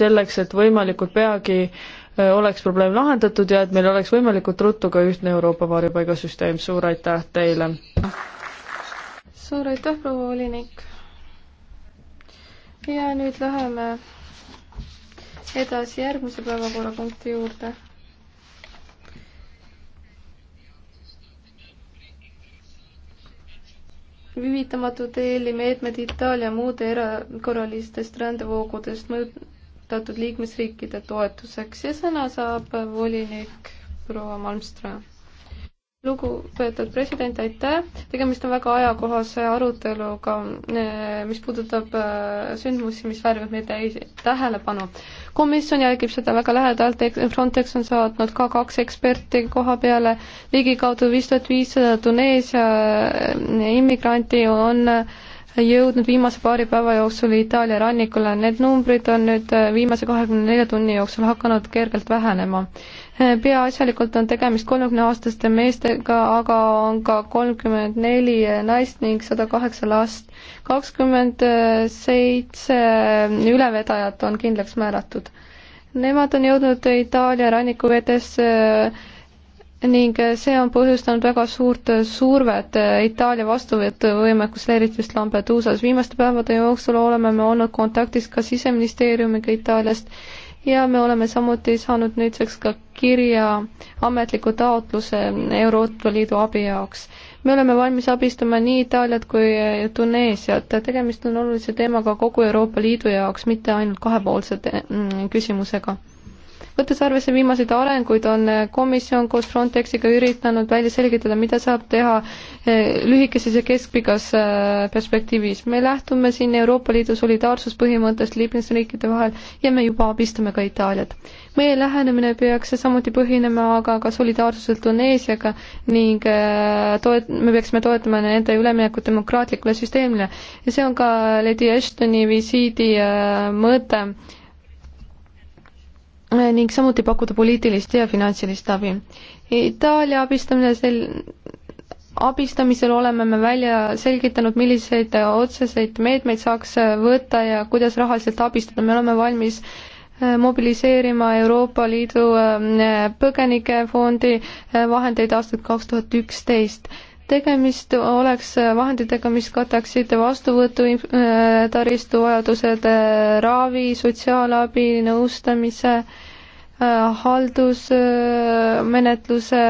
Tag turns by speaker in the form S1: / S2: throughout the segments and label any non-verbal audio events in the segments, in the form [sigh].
S1: selleks, et võimalikult peagi oleks probleem lahendatud ja et meil oleks võimalikult ruttu ka ühtne Euroopa varjupaigasüsteem. suur aitäh teile!
S2: suur aitäh, proua volinik! ja nüüd läheme edasi järgmise päevakorrapunkti juurde. viivitamatute eelmeetmed Itaalia muude erakorralistest rändevoogudest mõjut-, teatud liikmesriikide toetuseks ja sõna saab volinik proua Malmström. lugupeetud president, aitäh, tegemist on väga ajakohase aruteluga, eh, mis puudutab eh, sündmusi, mis väärivad meie tähelepanu. komisjon jälgib seda väga lähedalt, Frontex on saatnud ka kaks eksperti koha peale, ligikaudu viis tuhat viissada Tuneesia eh, immigranti on äh, jõudnud viimase paari päeva jooksul Itaalia rannikule. Need numbrid on nüüd äh, viimase kahekümne nelja tunni jooksul hakanud kergelt vähenema. Äh, peaasjalikult on tegemist kolmekümneaastaste meestega, aga on ka kolmkümmend neli äh, naist ning sada kaheksa last. kakskümmend seitse ülevedajat on kindlaks määratud. Nemad on jõudnud Itaalia rannikuvetesse ning äh, see on põhjustanud väga suurt äh, survet äh, Itaalia vastuvõtuvõimekusele, eriti just Lampeduusas. viimaste päevade jooksul oleme me olnud kontaktis ka siseministeeriumiga Itaaliast ja me oleme samuti saanud nüüdseks ka kirja ametliku taotluse Euroopa Liidu abi jaoks. me oleme valmis abistama nii Itaaliat kui Tuneesiat, tegemist on olulise teemaga kogu Euroopa Liidu jaoks, mitte ainult kahepoolse mm, küsimusega võttes arvesse viimaseid arenguid, on äh, komisjon koos Frontexiga üritanud välja selgitada, mida saab teha äh, lühikeses ja keskpikas äh, perspektiivis. me lähtume siin Euroopa Liidu solidaarsuspõhimõttest liikmesriikide vahel ja me juba abistame ka Itaaliat. meie lähenemine peaks samuti põhinema aga ka solidaarsusel Tuneesiaga ning toet-, me peaksime toetama nende üleminekut demokraatlikule süsteemile ja see on ka Lady Ashtoni visiidi mõte ning samuti pakkuda poliitilist ja finantsilist abi. Itaalia abistamine sel-, abistamisel oleme me välja selgitanud, milliseid otseseid meetmeid saaks võtta ja kuidas rahaliselt abistada, me oleme valmis äh, mobiliseerima Euroopa Liidu äh, põgenikefondi äh, vahendeid aastat kaks tuhat üksteist tegemist oleks vahenditega, mis kataksid vastuvõtu äh, taristu vajadused, äh, ravi, sotsiaalabi, nõustamise, äh, haldusmenetluse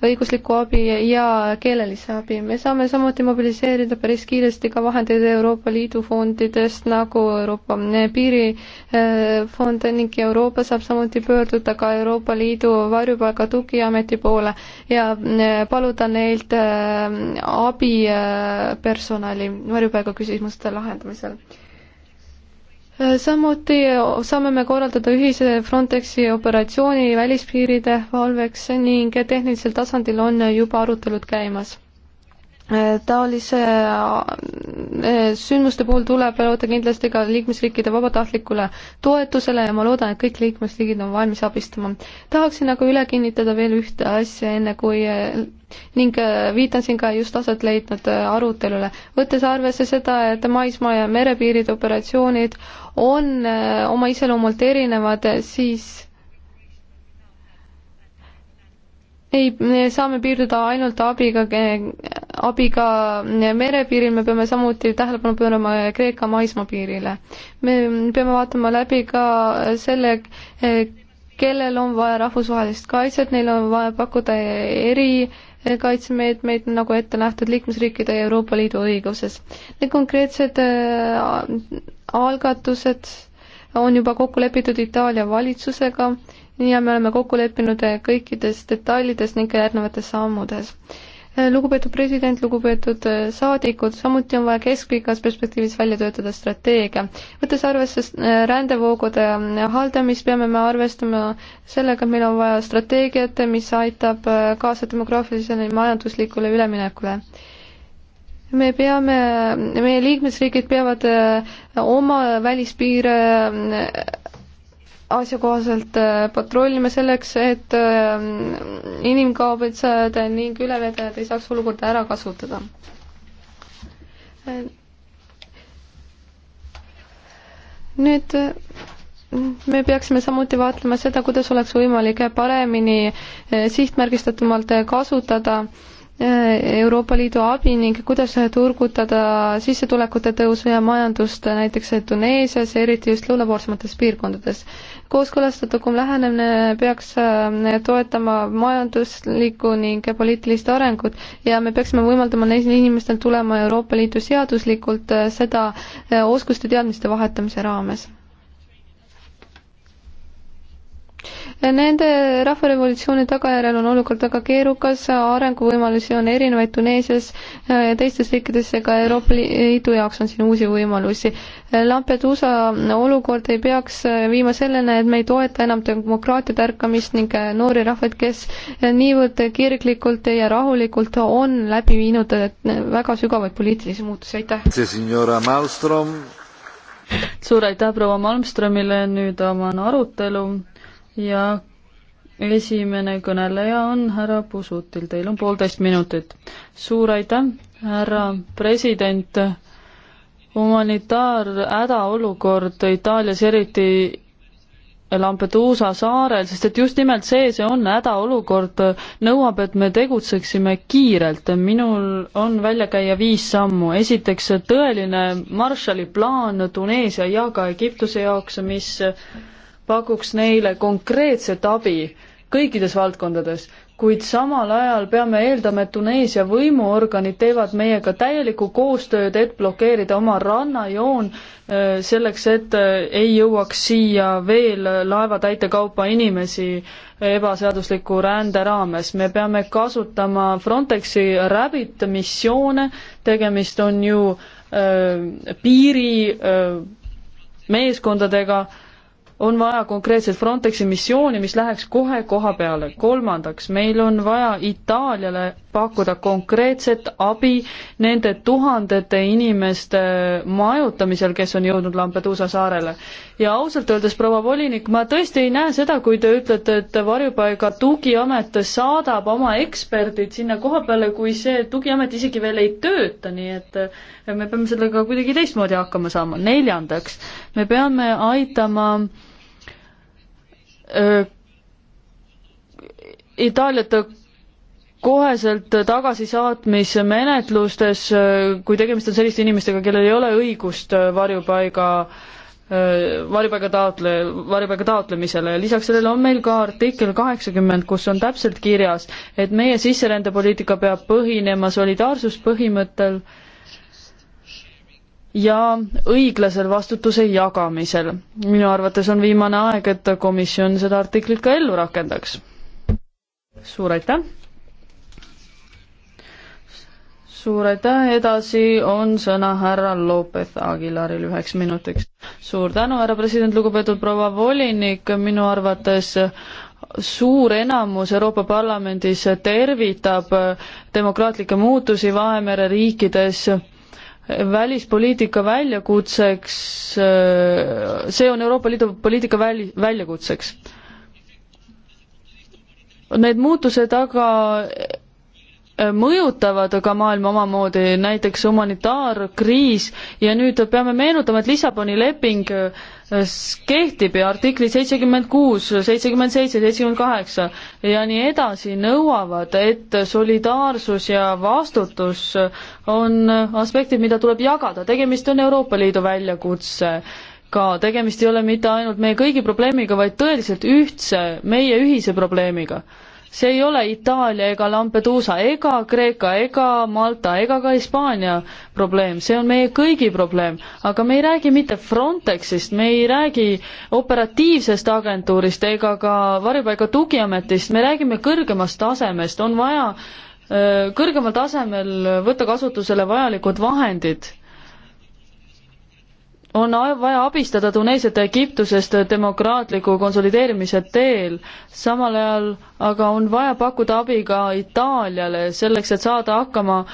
S2: õiguslikku abi ja keelelise abi. me saame samuti mobiliseerida päris kiiresti ka vahendeid Euroopa Liidu fondidest nagu Euroopa eh, piirifond ning Euroopa saab samuti pöörduda ka Euroopa Liidu varjupaiga tugiameti poole ja eh, paluda neilt eh, abi personali varjupaiga küsimuste lahendamisel Äh, samuti äh, saame me korraldada ühise Frontexi operatsiooni välispiiride valveks ning tehnilisel tasandil on äh, juba arutelud käimas Äh, taolise äh, äh, sündmuste puhul tuleb loota kindlasti ka liikmesriikide vabatahtlikule toetusele ja ma loodan, et kõik liikmesriigid on valmis abistama. tahaksin aga üle kinnitada veel ühte asja, enne kui ning viitan siin ka just aset leidnud arutelule. võttes arvesse seda, et maismaa ja merepiiride operatsioonid on oma iseloomult erinevad, siis ei, saame piirduda ainult abiga abiga merepiiril me peame samuti tähelepanu pöörama Kreeka maismaapiirile. me peame vaatama läbi ka selle, kellel on vaja rahvusvahelist kaitset, neil on vaja pakkuda eri kaitsemeetmeid, nagu ette nähtud liikmesriikide ja Euroopa Liidu õiguses. Need konkreetsed äh, algatused on juba kokku lepitud Itaalia valitsusega ja me oleme kokku leppinud kõikides detailides ning järgnevates sammudes lugupeetud president, lugupeetud äh, saadikud, samuti on vaja keskpikas perspektiivis välja töötada strateegia. võttes arvesse äh, rändevoogude äh, haldamist, peame me arvestama sellega, et meil on vaja strateegiat, mis aitab kaasa demograafilisele ja majanduslikule üleminekule me peame, meie liikmesriigid peavad oma välispiire asjakohaselt äh, patrullime selleks, et äh, inimkaubitsejad ning ülevedajad ei saaks olukorda ära kasutada. nüüd äh, me peaksime samuti vaatlema seda, kuidas oleks võimalik paremini sihtmärgistatumalt kasutada äh, Euroopa Liidu abi ning kuidas turgutada sissetulekute tõusu ja majandust näiteks Tuneesias, eriti just lõunapoolsemates piirkondades. kooskõlastatukum lähenemine peaks äh, toetama majanduslikku ning poliitilist arengut ja me peaksime võimaldama neil inimestel tulema Euroopa Liitu seaduslikult, äh, seda äh, oskuste-teadmiste vahetamise raames Nende rahvarevolutsiooni tagajärjel on olukord väga keerukas, arenguvõimalusi on erinevaid Tuneesias ja teistes riikides, ega Euroopa Liidu jaoks on siin uusi võimalusi. Lampedusa olukord ei peaks viima selleni, et me ei toeta enam demokraatia tärkamist ning noori rahvaid, kes niivõrd kirglikult ja rahulikult on läbi viinud väga sügavaid poliitilisi muutusi, aitäh!
S1: suur aitäh proua Malmströmile, nüüd avan arutelu ja esimene kõneleja on härra Pusutil, teil on poolteist minutit. suur aitäh, härra president. humanitaarhädaolukord Itaalias, eriti Lampeduusa saarel, sest et just nimelt see, see on hädaolukord, nõuab, et me tegutseksime kiirelt. minul on välja käia viis sammu. esiteks tõeline Marshalli plaan Tuneesia ja ka Egiptuse jaoks, mis pakuks neile konkreetset abi kõikides valdkondades, kuid samal ajal peame eeldama, et Tuneesia võimuorganid teevad meiega täielikku koostööd, et blokeerida oma rannajoon äh, selleks, et äh, ei jõuaks siia veel laevatäite kaupa inimesi ebaseadusliku rände raames. me peame kasutama Frontexi Rabbit missioone, tegemist on ju öö, äh, piiri öö, meeskondadega on vaja konkreetset Frontexi missiooni, mis läheks kohe koha peale. kolmandaks, meil on vaja Itaaliale pakkuda konkreetset abi nende tuhandete inimeste majutamisel, kes on jõudnud Lampeduusa saarele. ja ausalt öeldes, proua volinik, ma tõesti ei näe seda, kui te ütlete, et varjupaiga tugiamet saadab oma eksperdid sinna koha peale, kui see tugiamet isegi veel ei tööta, nii et me peame sellega kuidagi teistmoodi hakkama saama. neljandaks, me peame aitama Äh, Itaaliat koheselt tagasisaatmise menetlustes, äh, kui tegemist on selliste inimestega, kellel ei ole õigust äh, varjupaiga, varjupaiga taotle, varjupaiga taotlemisele ja lisaks sellele on meil ka artikkel kaheksakümmend, kus on täpselt kirjas, et meie sisserändepoliitika peab põhinema solidaarsuspõhimõttel äh, ja õiglasel vastutuse jagamisel. minu arvates on viimane aeg, et komisjon seda artiklit ka ellu rakendaks. suur aitäh! suur aitäh, edasi on sõna härra Lopez Aguilaril üheks minutiks. suur tänu, härra president, lugupeetud proua volinik, minu arvates suur enamus Euroopa Parlamendis tervitab demokraatlikke muutusi Vahemere riikides välispoliitika väljakutseks, äh, see on Euroopa Liidu poliitika väli, väljakutseks. Need muutused aga Äh, mõjutavad ka maailma omamoodi, näiteks humanitaarkriis ja nüüd peame meenutama, et Lissaboni leping äh, kehtib ja artiklid seitsekümmend kuus, seitsekümmend seitse, seitsekümmend kaheksa ja nii edasi nõuavad, et solidaarsus ja vastutus on aspektid, mida tuleb jagada, tegemist on Euroopa Liidu väljakutse ka tegemist ei ole mitte ainult meie kõigi probleemiga, vaid tõeliselt ühtse, meie ühise probleemiga see ei ole Itaalia ega Lampeduusa ega Kreeka ega Malta ega ka Hispaania probleem, see on meie kõigi probleem. aga me ei räägi mitte Frontexist, me ei räägi operatiivsest agentuurist ega ka varjupaiga tugiametist, me räägime kõrgemast tasemest, on vaja kõrgemal tasemel võtta kasutusele vajalikud vahendid on vaja abistada Tuneesiat ja Egiptusest demokraatliku konsolideerimise teel, samal ajal aga on vaja pakkuda abi ka Itaaliale selleks, et saada hakkama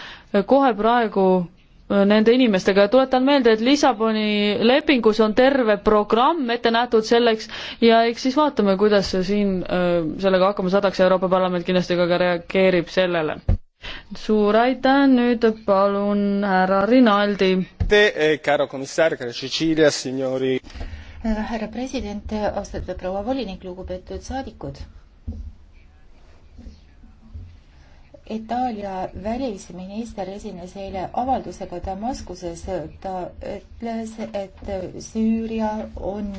S1: kohe praegu nende inimestega ja tuletan meelde, et Lissaboni lepingus on terve programm ette nähtud selleks ja eks siis vaatame, kuidas siin sellega hakkama saadakse, Euroopa Parlament kindlasti ka reageerib sellele suur aitäh, nüüd palun härra Rinaldi.
S3: Eh,
S4: härra president, austatud proua volinik, lugupeetud saadikud. Itaalia välisminister esines eile avaldusega Damaskuses, ta ütles, et Süüria on äh,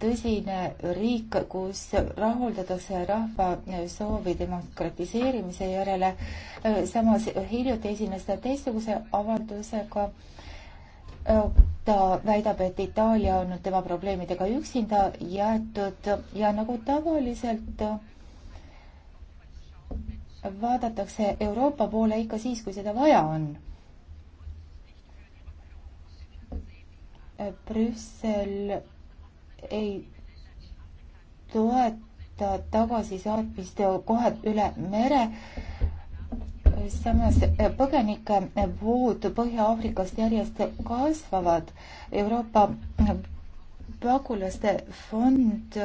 S4: tõsine riik, kus rahuldatakse rahva soovi demokratiseerimise järele. samas hiljuti esines ta teistsuguse avaldusega ta väidab, et Itaalia on tema probleemidega üksinda jäetud ja nagu tavaliselt vaadatakse Euroopa poole ikka siis, kui seda vaja on. Brüssel ei toeta tagasisaatmist kohe üle mere. samas põgenike vood Põhja-Aafrikast järjest kasvavad. Euroopa pagulaste fond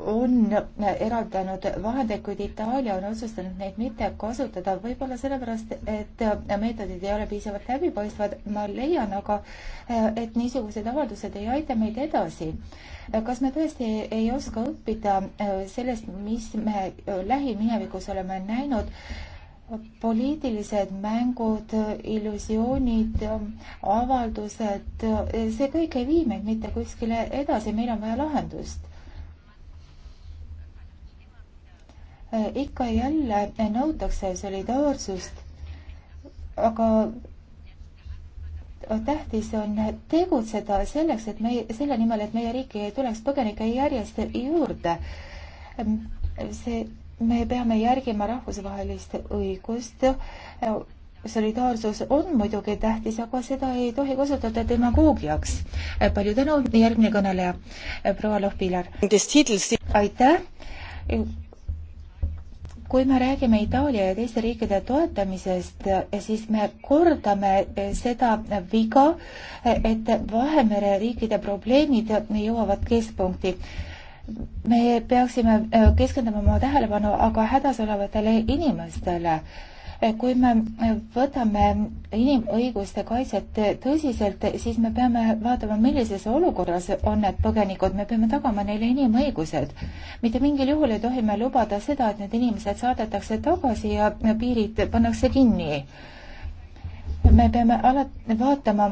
S4: on eraldanud vahendeid, kuid Itaalia on otsustanud neid mitte kasutada, võib-olla sellepärast, et meetodid ei ole piisavalt läbipaistvad. ma leian aga, et niisugused avaldused ei aita meid edasi. kas me tõesti ei oska õppida sellest, mis me lähiminevikus oleme näinud? poliitilised mängud, illusioonid, avaldused, see kõik ei vii meid mitte kuskile edasi, meil on vaja lahendust ikka ja jälle nõutakse solidaarsust, aga tähtis on tegutseda selleks, et meie, selle nimel, et meie riiki ei tuleks põgenikke järjest juurde. see, me peame järgima rahvusvahelist õigust. solidaarsus on muidugi tähtis, aga seda ei tohi kasutada demagoogiaks. palju tänu, järgmine kõneleja, proua Lohpilar. aitäh kui me räägime Itaalia ja teiste riikide toetamisest, siis me kordame seda viga, et Vahemere riikide probleemid jõuavad keskpunkti. me peaksime keskenduma oma tähelepanu aga hädas olevatele inimestele kui me võtame inimõiguste kaitset tõsiselt, siis me peame vaatama, millises olukorras on need põgenikud, me peame tagama neile inimõigused. mitte mingil juhul ei tohi me lubada seda, et need inimesed saadetakse tagasi ja piirid pannakse kinni. me peame alati vaatama,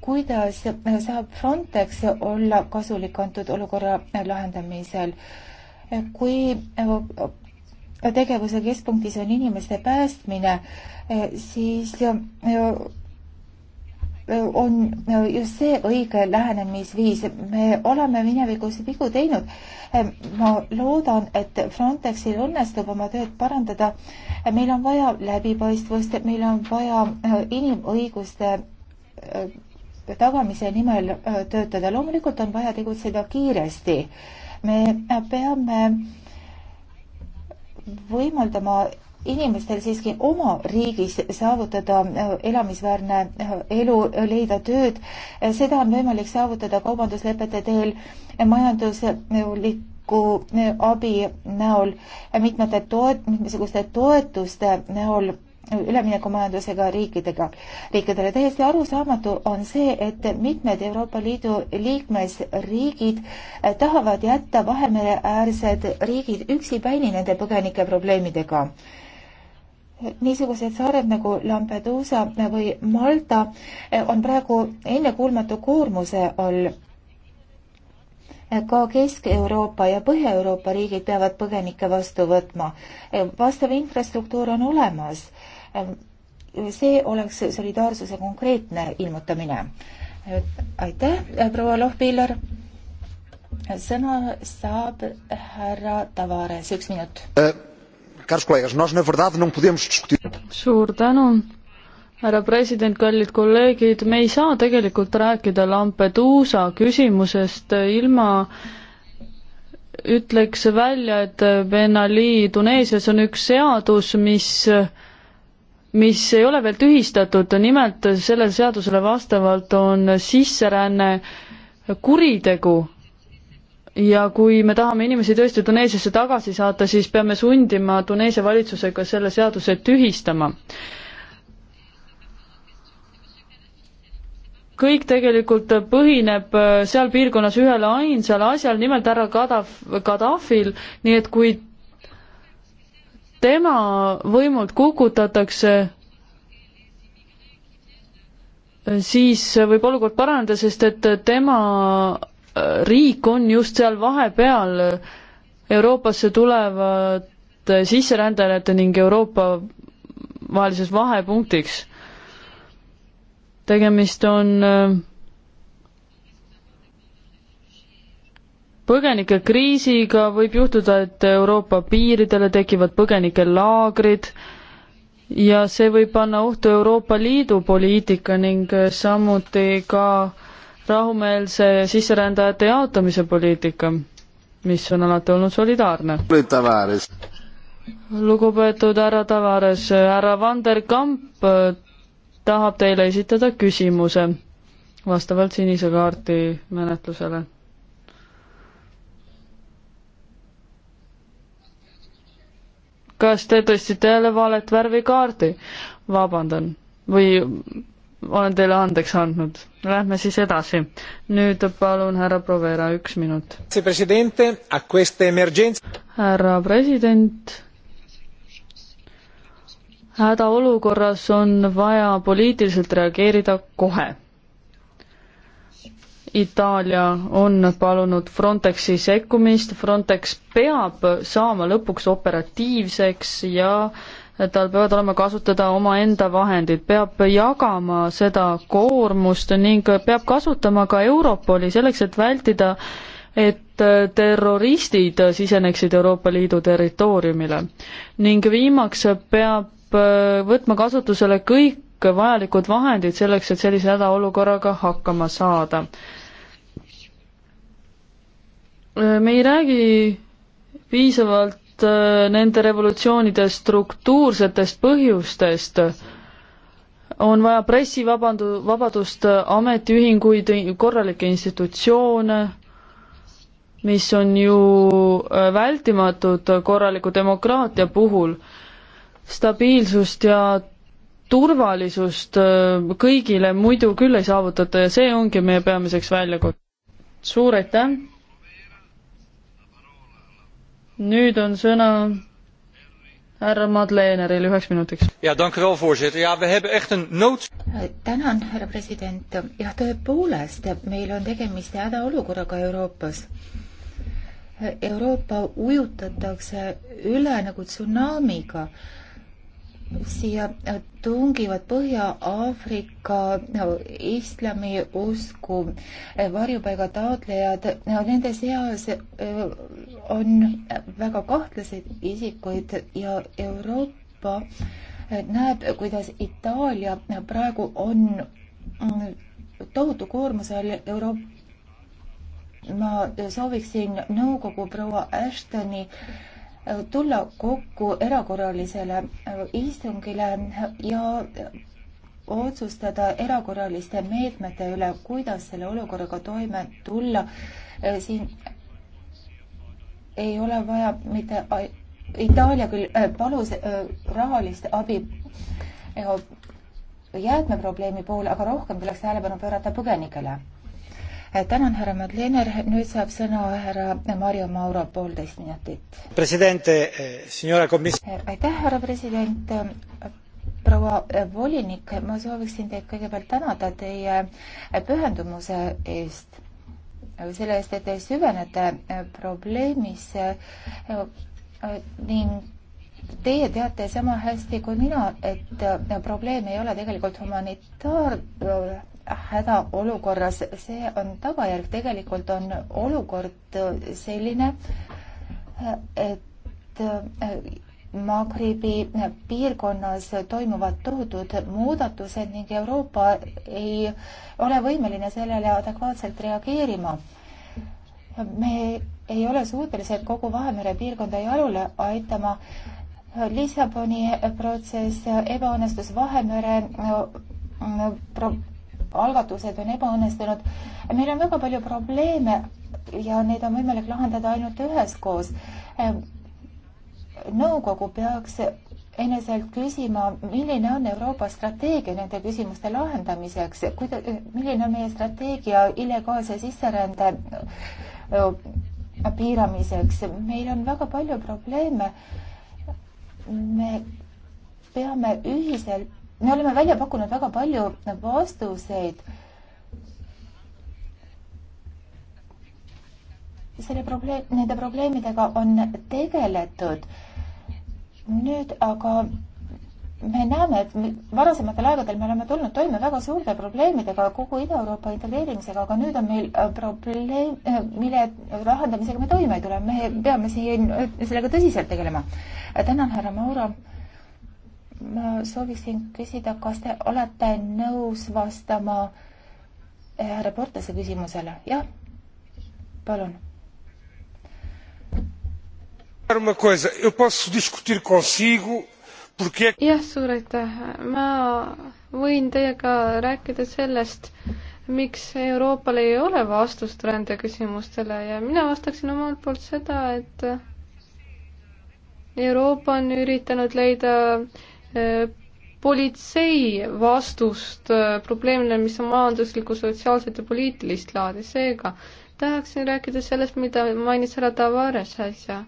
S4: kuidas saab Frontex olla kasulik antud olukorra lahendamisel. kui tegevuse keskpunktis on inimeste päästmine, eh, siis eh, on eh, just see õige lähenemisviis. me oleme minevikus vigu teinud. ma loodan, et Frontexil õnnestub oma tööd parandada. meil on vaja läbipaistvust, meil on vaja inimõiguste tagamise nimel töötada. loomulikult on vaja tegutseda kiiresti. me peame võimaldama inimestel siiski oma riigis saavutada äh, elamisväärne äh, elu, äh, leida tööd. seda on võimalik saavutada kaubanduslepete teel, majandusliku abi näol, mitmete toet-, mitmesuguste toetuste näol üleminekumajandusega riikidega, riikidele. täiesti arusaamatu on see, et mitmed Euroopa Liidu liikmesriigid eh, tahavad jätta Vahemereäärsed riigid üksipäini nende põgenike probleemidega niisugused saared nagu Lampedusa või Malta eh, on praegu ennekuulmatu koormuse all. Eh, ka Kesk-Euroopa ja Põhja-Euroopa riigid peavad põgenikke vastu võtma. vastav infrastruktuur on olemas Äh, see oleks solidaarsuse konkreetne ilmutamine. Äh, aitäh, äh, proua Lohpiller. sõna saab härra Tavares, üks minut. suur tänu
S1: härra president, kallid kolleegid, me ei saa tegelikult rääkida Lampeduusa küsimusest ilma ütleks välja, et Ben Ali Tuneesias on üks seadus, mis mis ei ole veel tühistatud, nimelt sellele seadusele vastavalt on sisseränne kuritegu ja kui me tahame inimesi tõesti Tuneesiasse tagasi saata, siis peame sundima Tuneesia valitsusega selle seaduse tühistama. kõik tegelikult põhineb seal piirkonnas ühel ainsal asjal, nimelt härra Kadaf-, Gaddafil, nii et kui tema võimult kukutatakse, siis võib olukord paraneda, sest et tema riik on just seal vahepeal Euroopasse tulevate sisserändajate ning Euroopa vahelises vahepunktiks. tegemist on põgenikekriisiga võib juhtuda, et Euroopa piiridele tekivad põgenikelaagrid ja see võib panna ohtu Euroopa Liidu poliitika ning samuti ka rahumeelse sisserändajate jaotamise poliitika, mis on alati olnud solidaarne. lugupeetud härra Tavares, härra Vanderkamp tahab teile esitada küsimuse vastavalt sinise kaardi menetlusele kas te tõstsite jälle valet värvikaardi? vabandan või olen teile andeks andnud. Lähme siis edasi. nüüd palun härra Provera, üks minut. härra president, hädaolukorras on vaja poliitiliselt reageerida kohe Itaalia on palunud Frontexi sekkumist, Frontex peab saama lõpuks operatiivseks ja tal peavad olema kasutada omaenda vahendid, peab jagama seda koormust ning peab kasutama ka Europoli selleks, et vältida, et terroristid siseneksid Euroopa Liidu territooriumile. ning viimaks peab võtma kasutusele kõik vajalikud vahendid selleks, et sellise hädaolukorraga hakkama saada Äh, me ei räägi piisavalt äh, nende revolutsioonide struktuursetest põhjustest. on vaja pressivabandu-, vabadust, äh, ametiühinguid, korralikke institutsioone, mis on ju vältimatud korraliku demokraatia puhul, stabiilsust ja turvalisust kõigile muidu küll ei saavutata ja see ongi meie peamiseks väljakutseks. suur aitäh! nüüd on sõna
S4: härra Madleneril üheks minutiks.
S3: ja tänku veel, voorzitter, ja me hebben echt een nood-.
S4: Äh, tänan, härra president, jah, tõepoolest, meil on tegemist hädaolukorraga Euroopas. Äh, Euroopa ujutatakse üle nagu tsunamiga siia äh, tungivad Põhja-Aafrika no, islamiusku äh, varjupaiga taotlejad no,, nende seas äh, on väga kahtlaseid isikuid ja Euroopa näeb, kuidas Itaalia praegu on mm, tohutu koormuse all Euroopa ma sooviksin nõukogu proua Ashtoni äh, tulla kokku erakorralisele äh, istungile ja otsustada erakorraliste meetmete üle, kuidas selle olukorraga toime tulla. Äh, siin ei ole vaja mitte, Itaalia küll äh, palus rahalist abi jäätmeprobleemi poole, aga rohkem tuleks tähelepanu pöörata põgenikele tänan, härra Madlener, nüüd saab sõna härra Marju Mauro, poolteist minutit.
S3: president, eh, signora komis-.
S4: Eh, aitäh, härra president, proua volinik, ma sooviksin teid kõigepealt tänada teie pühendumuse eest, selle eest, et te süvenete probleemisse ning Teie teate sama hästi kui mina, et probleem ei ole tegelikult humanitaar hädaolukorras, see on tagajärg, tegelikult on olukord selline, et Magribi piirkonnas toimuvad tohutud muudatused ning Euroopa ei ole võimeline sellele adekvaatselt reageerima. me ei ole suutelised kogu Vahemere piirkonda jalule aitama. Lissaboni protsess ebaõnnestus Vahemere pro algatused on ebaõnnestunud. meil on väga palju probleeme ja neid on võimalik lahendada ainult üheskoos. Ehm, nõukogu peaks eneselt küsima, milline on Euroopa strateegia nende küsimuste lahendamiseks, kuida-, milline on meie strateegia illegaalse sisserände äh, piiramiseks, meil on väga palju probleeme. me peame ühiselt me oleme välja pakkunud väga palju vastuseid selle probleem, nende probleemidega on tegeletud. nüüd aga me näeme, et varasematel aegadel me oleme tulnud toime väga suurte probleemidega kogu Ida-Euroopa integreerimisega, aga nüüd on meil äh, probleem, äh, mille lahendamisega me toime ei tule. me peame siin äh, sellega tõsiselt tegelema. tänan, härra Mauro ma sooviksin küsida, kas te olete nõus vastama eh, härra Portase küsimusele, jah? palun.
S2: jah, suur aitäh, ma võin teiega rääkida sellest, miks Euroopal ei ole vastust rändeküsimustele ja mina vastaksin omalt poolt seda, et Euroopa on üritanud leida äh, Äh, politsei vastust äh, probleemile, mis on majanduslikku, sotsiaalset ja poliitilist laadi, seega tahaksin rääkida sellest, mida mainis härra Tavares äsja.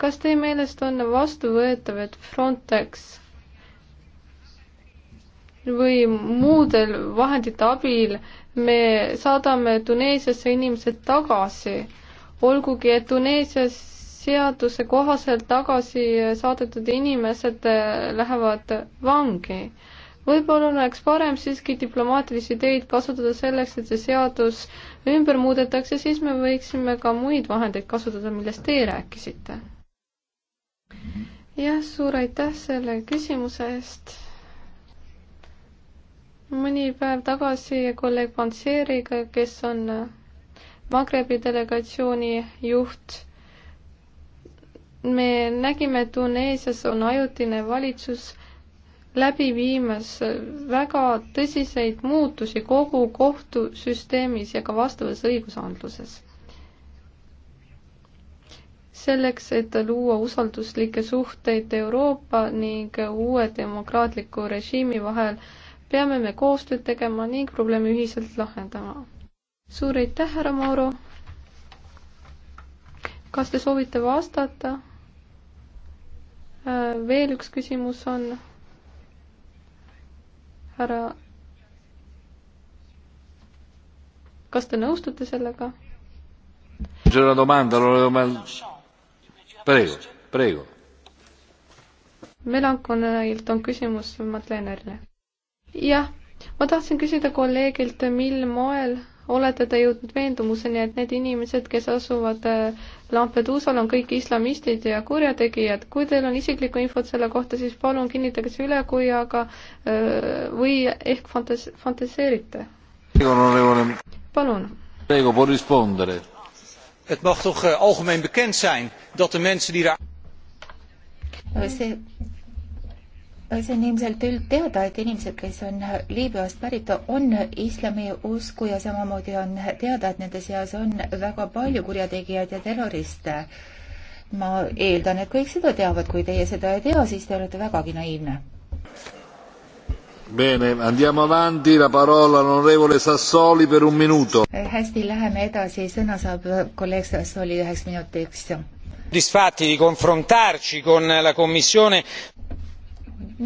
S2: kas teie meelest on vastuvõetav, et Frontex või muudel vahendite abil me saadame Tuneesiasse inimesed tagasi, olgugi et Tuneesias seaduse kohaselt tagasi saadetud inimesed äh, lähevad vangi. võib-olla oleks parem siiski diplomaatilisi ideid kasutada selleks, et see seadus ümber muudetakse, siis me võiksime ka muid vahendeid kasutada, millest teie rääkisite. jah, suur aitäh selle küsimuse eest mõni päev tagasi kolleeg Panseriga, kes on Magrebi delegatsiooni juht, me nägime, Tuneesias on ajutine valitsus läbi viimas väga tõsiseid muutusi kogu kohtusüsteemis ja ka vastavas õigusandluses. selleks, et luua usalduslikke suhteid Euroopa ning uue demokraatliku režiimi vahel, peame me koostööd tegema ning probleemi ühiselt lahendama. suur aitäh, härra Mauro! kas te soovite vastata? Äh, veel üks küsimus on härra. kas te nõustute sellega? melankonilt on küsimus Madlenerile. jah, ma tahtsin küsida kolleegilt, mil moel olete te jõudnud veendumuseni, et need inimesed, kes asuvad äh, Lampeduusal, on kõik islamistid ja kurjategijad. kui teil on isiklikku infot selle kohta, siis palun kinnitage see üle, kui aga äh, või ehk fantas-, fantaseerite. palun.
S4: Eh, see see on ilmselt üldteada, et inimesed, kes on Liibüast pärit, on islami usku ja samamoodi on teada, et nende seas on väga palju kurjategijaid ja terroriste. ma eeldan, et kõik seda teavad, kui teie seda ei tea, siis te olete vägagi naiivne.
S3: Bene, andiamo avanti, la parola onorevole Sassoli per un minuto. Eh,
S4: hästi, läheme edasi, sõna saab kolleeg Sassoli üheks minutiks.
S3: soddisfatti di confrontarci con la commissione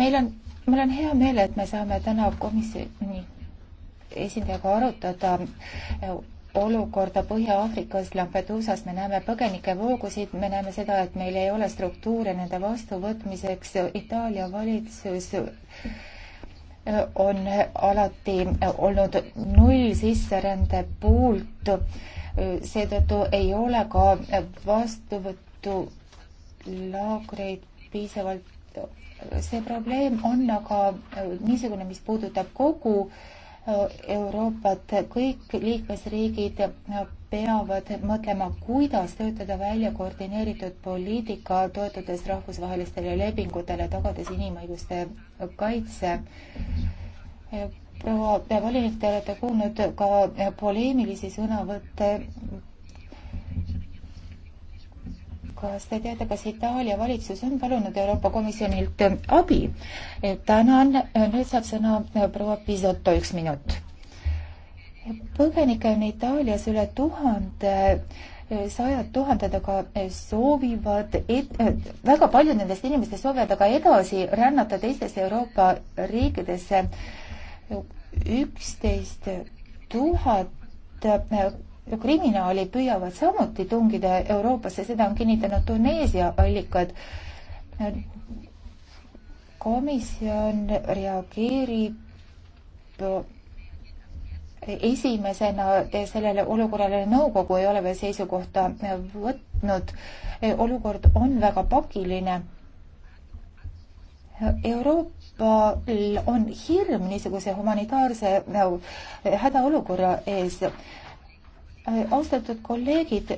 S4: meil on, mul on hea meel, et me saame täna komisjoni esindajaga arutada olukorda Põhja-Aafrikas, Lampeduusas, me näeme põgenikevoogusid, me näeme seda, et meil ei ole struktuure nende vastuvõtmiseks, Itaalia valitsus on alati olnud null sisserände poolt, seetõttu ei ole ka vastuvõtulaagreid piisavalt see probleem on aga äh, niisugune, mis puudutab kogu äh, Euroopat, kõik liikmesriigid äh, peavad mõtlema, kuidas töötada välja koordineeritud poliitika, toetudes rahvusvahelistele lepingutele, tagades inimõiguste kaitse. proua volinik, te olete kuulnud ka poleemilisi sõnavõtte kas te teate, kas Itaalia valitsus on palunud Euroopa Komisjonilt äh, abi? Eh, tänan, eh, nüüd saab sõna eh, proua Pisoto, üks minut. põgenikke on Itaalias üle tuhande sajad tuhanded aga soovivad, väga paljud nendest inimestest soovivad aga edasi rännata teistesse Euroopa riikidesse. üksteist tuhat kriminaalid püüavad samuti tungida Euroopasse, seda on kinnitanud Tuneesia allikad. komisjon reageerib eh, esimesena sellele olukorrale nõukogu ei ole veel seisukohta võtnud. Eh, olukord on väga pakiline. Euroopal on hirm niisuguse humanitaarse eh, hädaolukorra ees Äh, austatud kolleegid,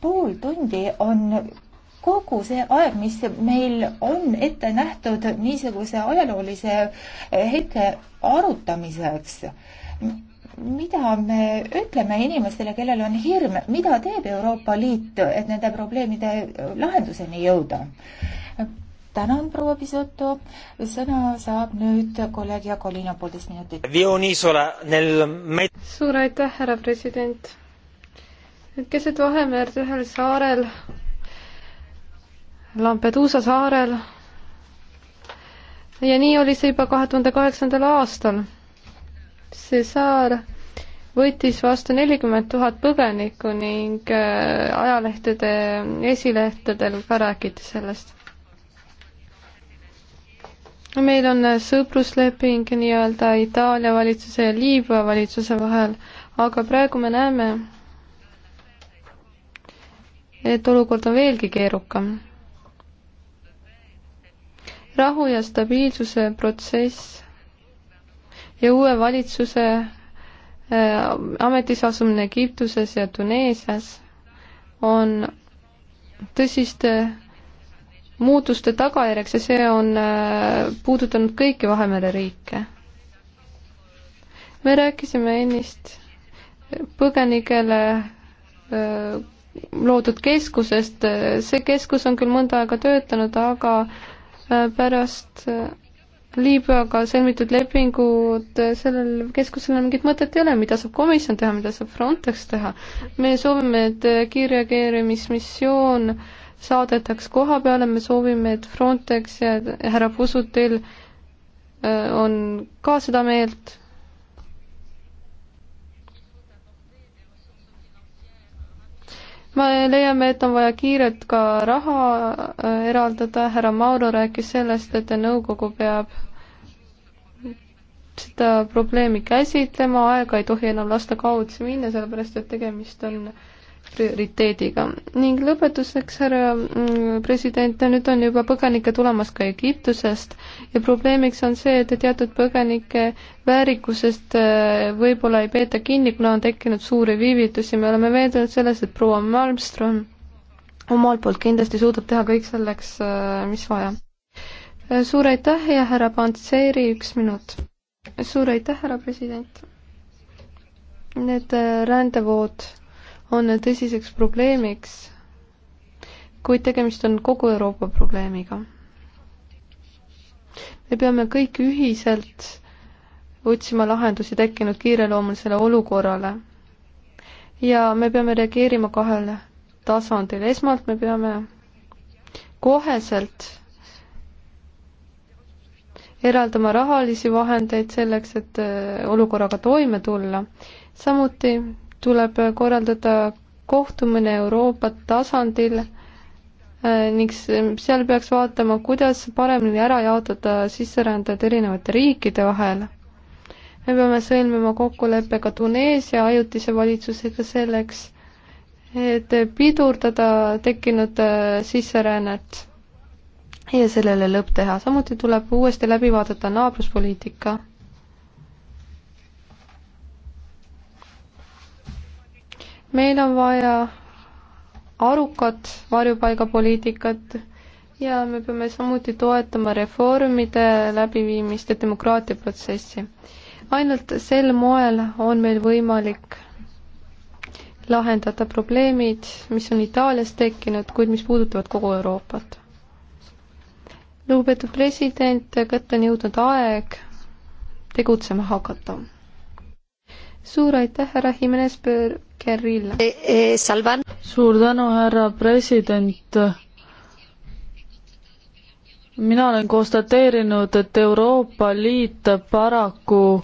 S4: pool tundi on kogu see aeg, mis meil on ette nähtud niisuguse ajaloolise äh, hetke arutamiseks. mida me ütleme inimestele, kellel on hirm, mida teeb Euroopa Liit, et nende probleemide äh, lahenduseni jõuda? tänan, proua Pisoto. sõna saab nüüd kolleeg Jakolino poolteist minutit. suur aitäh, härra president
S2: keset Vahemerd ühel saarel, Lampeduusa saarel. ja nii oli see juba kahe tuhande kaheksandal aastal. see saar võttis vastu nelikümmend tuhat põgenikku ning äh, ajalehtede esilehtedel ka räägiti sellest. meil on äh, sõprusleping nii-öelda Itaalia valitsuse ja Liibüa valitsuse vahel, aga praegu me näeme, et olukord on veelgi keerukam. rahu ja stabiilsuse protsess ja uue valitsuse äh, ametis asumine Egiptuses ja Tuneesias on tõsiste muutuste tagajärjeks ja see on äh, puudutanud kõiki Vahemere riike. me rääkisime ennist põgenikele äh, loodud keskusest, see keskus on küll mõnda aega töötanud, aga äh, pärast äh, Liibüaga sõlmitud lepingud, äh, sellel keskusel mingit mõtet ei ole, mida saab komisjon teha, mida saab Frontex teha. me soovime, et kiirreageerimismissioon saadetaks koha peale, me soovime, et Frontex ja härra Pusutil on ka seda meelt me leiame, et on vaja kiirelt ka raha äh, eraldada, härra Mauro rääkis sellest, et nõukogu peab seda probleemi käsitlema, aega ei tohi enam lasta kaotsi minna, sellepärast et tegemist on äh, prioriteediga. ning lõpetuseks, härra mm, president, nüüd on juba põgenikke tulemas ka Egiptusest ja probleemiks on see, et teatud põgenike väärikusest äh, võib-olla ei peeta kinni, kuna on tekkinud suuri viivitusi, me oleme veendunud selles, et proua Malmström omalt poolt kindlasti suudab teha kõik selleks, äh, mis vaja. Äh, suur aitäh ja härra Pantseri, üks minut. suur aitäh, härra president. Need rändevood on tõsiseks probleemiks, kuid tegemist on kogu Euroopa probleemiga. me peame kõik ühiselt otsima lahendusi tekkinud kiireloomulisele olukorrale. ja me peame reageerima kahel tasandil, esmalt me peame koheselt eraldama rahalisi vahendeid selleks, et äh, olukorraga toime tulla. samuti tuleb korraldada kohtumine Euroopa tasandil äh, ning seal peaks vaatama, kuidas paremini ära jaotada sisserändajad erinevate riikide vahel. me peame sõlmima kokkuleppe ka Tuneesia ajutise valitsusega selleks, et pidurdada tekkinud äh, sisserännet ja sellele lõpp teha. samuti tuleb uuesti läbi vaadata naabruspoliitika meil on vaja arukat varjupaigapoliitikat ja me peame samuti toetama reformide läbiviimist ja demokraatia protsessi. ainult sel moel on meil võimalik lahendada probleemid, mis on Itaalias tekkinud, kuid mis puudutavad kogu Euroopat. lugupeetud president, kätte on jõudnud aeg tegutsema hakata suur aitäh, härra Jimenez Bergerilla e,! Eh, e,
S1: eh, salvan. suur tänu, härra president! mina olen konstateerinud, et Euroopa Liit paraku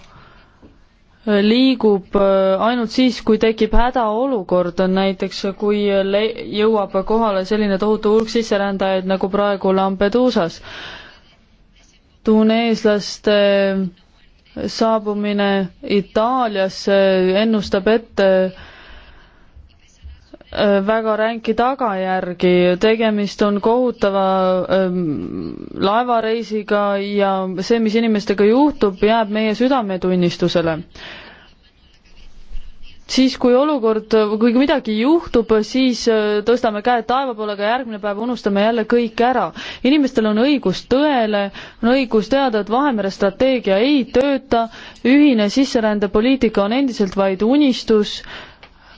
S1: liigub eh, ainult siis, kui tekib hädaolukord, näiteks kui le-, jõuab kohale selline tohutu hulk sisserändajaid nagu praegu Lampeduusas. tuneeslaste saabumine Itaaliasse ennustab ette äh, väga ränki tagajärgi, tegemist on kohutava ähm, laevareisiga ja see, mis inimestega juhtub, jääb meie südametunnistusele siis, kui olukord, kui midagi juhtub, siis äh, tõstame käed taeva poole, aga järgmine päev unustame jälle kõik ära. inimestel on õigus tõele, on õigus teada, et Vahemere strateegia ei tööta, ühine sisserändepoliitika on endiselt vaid unistus,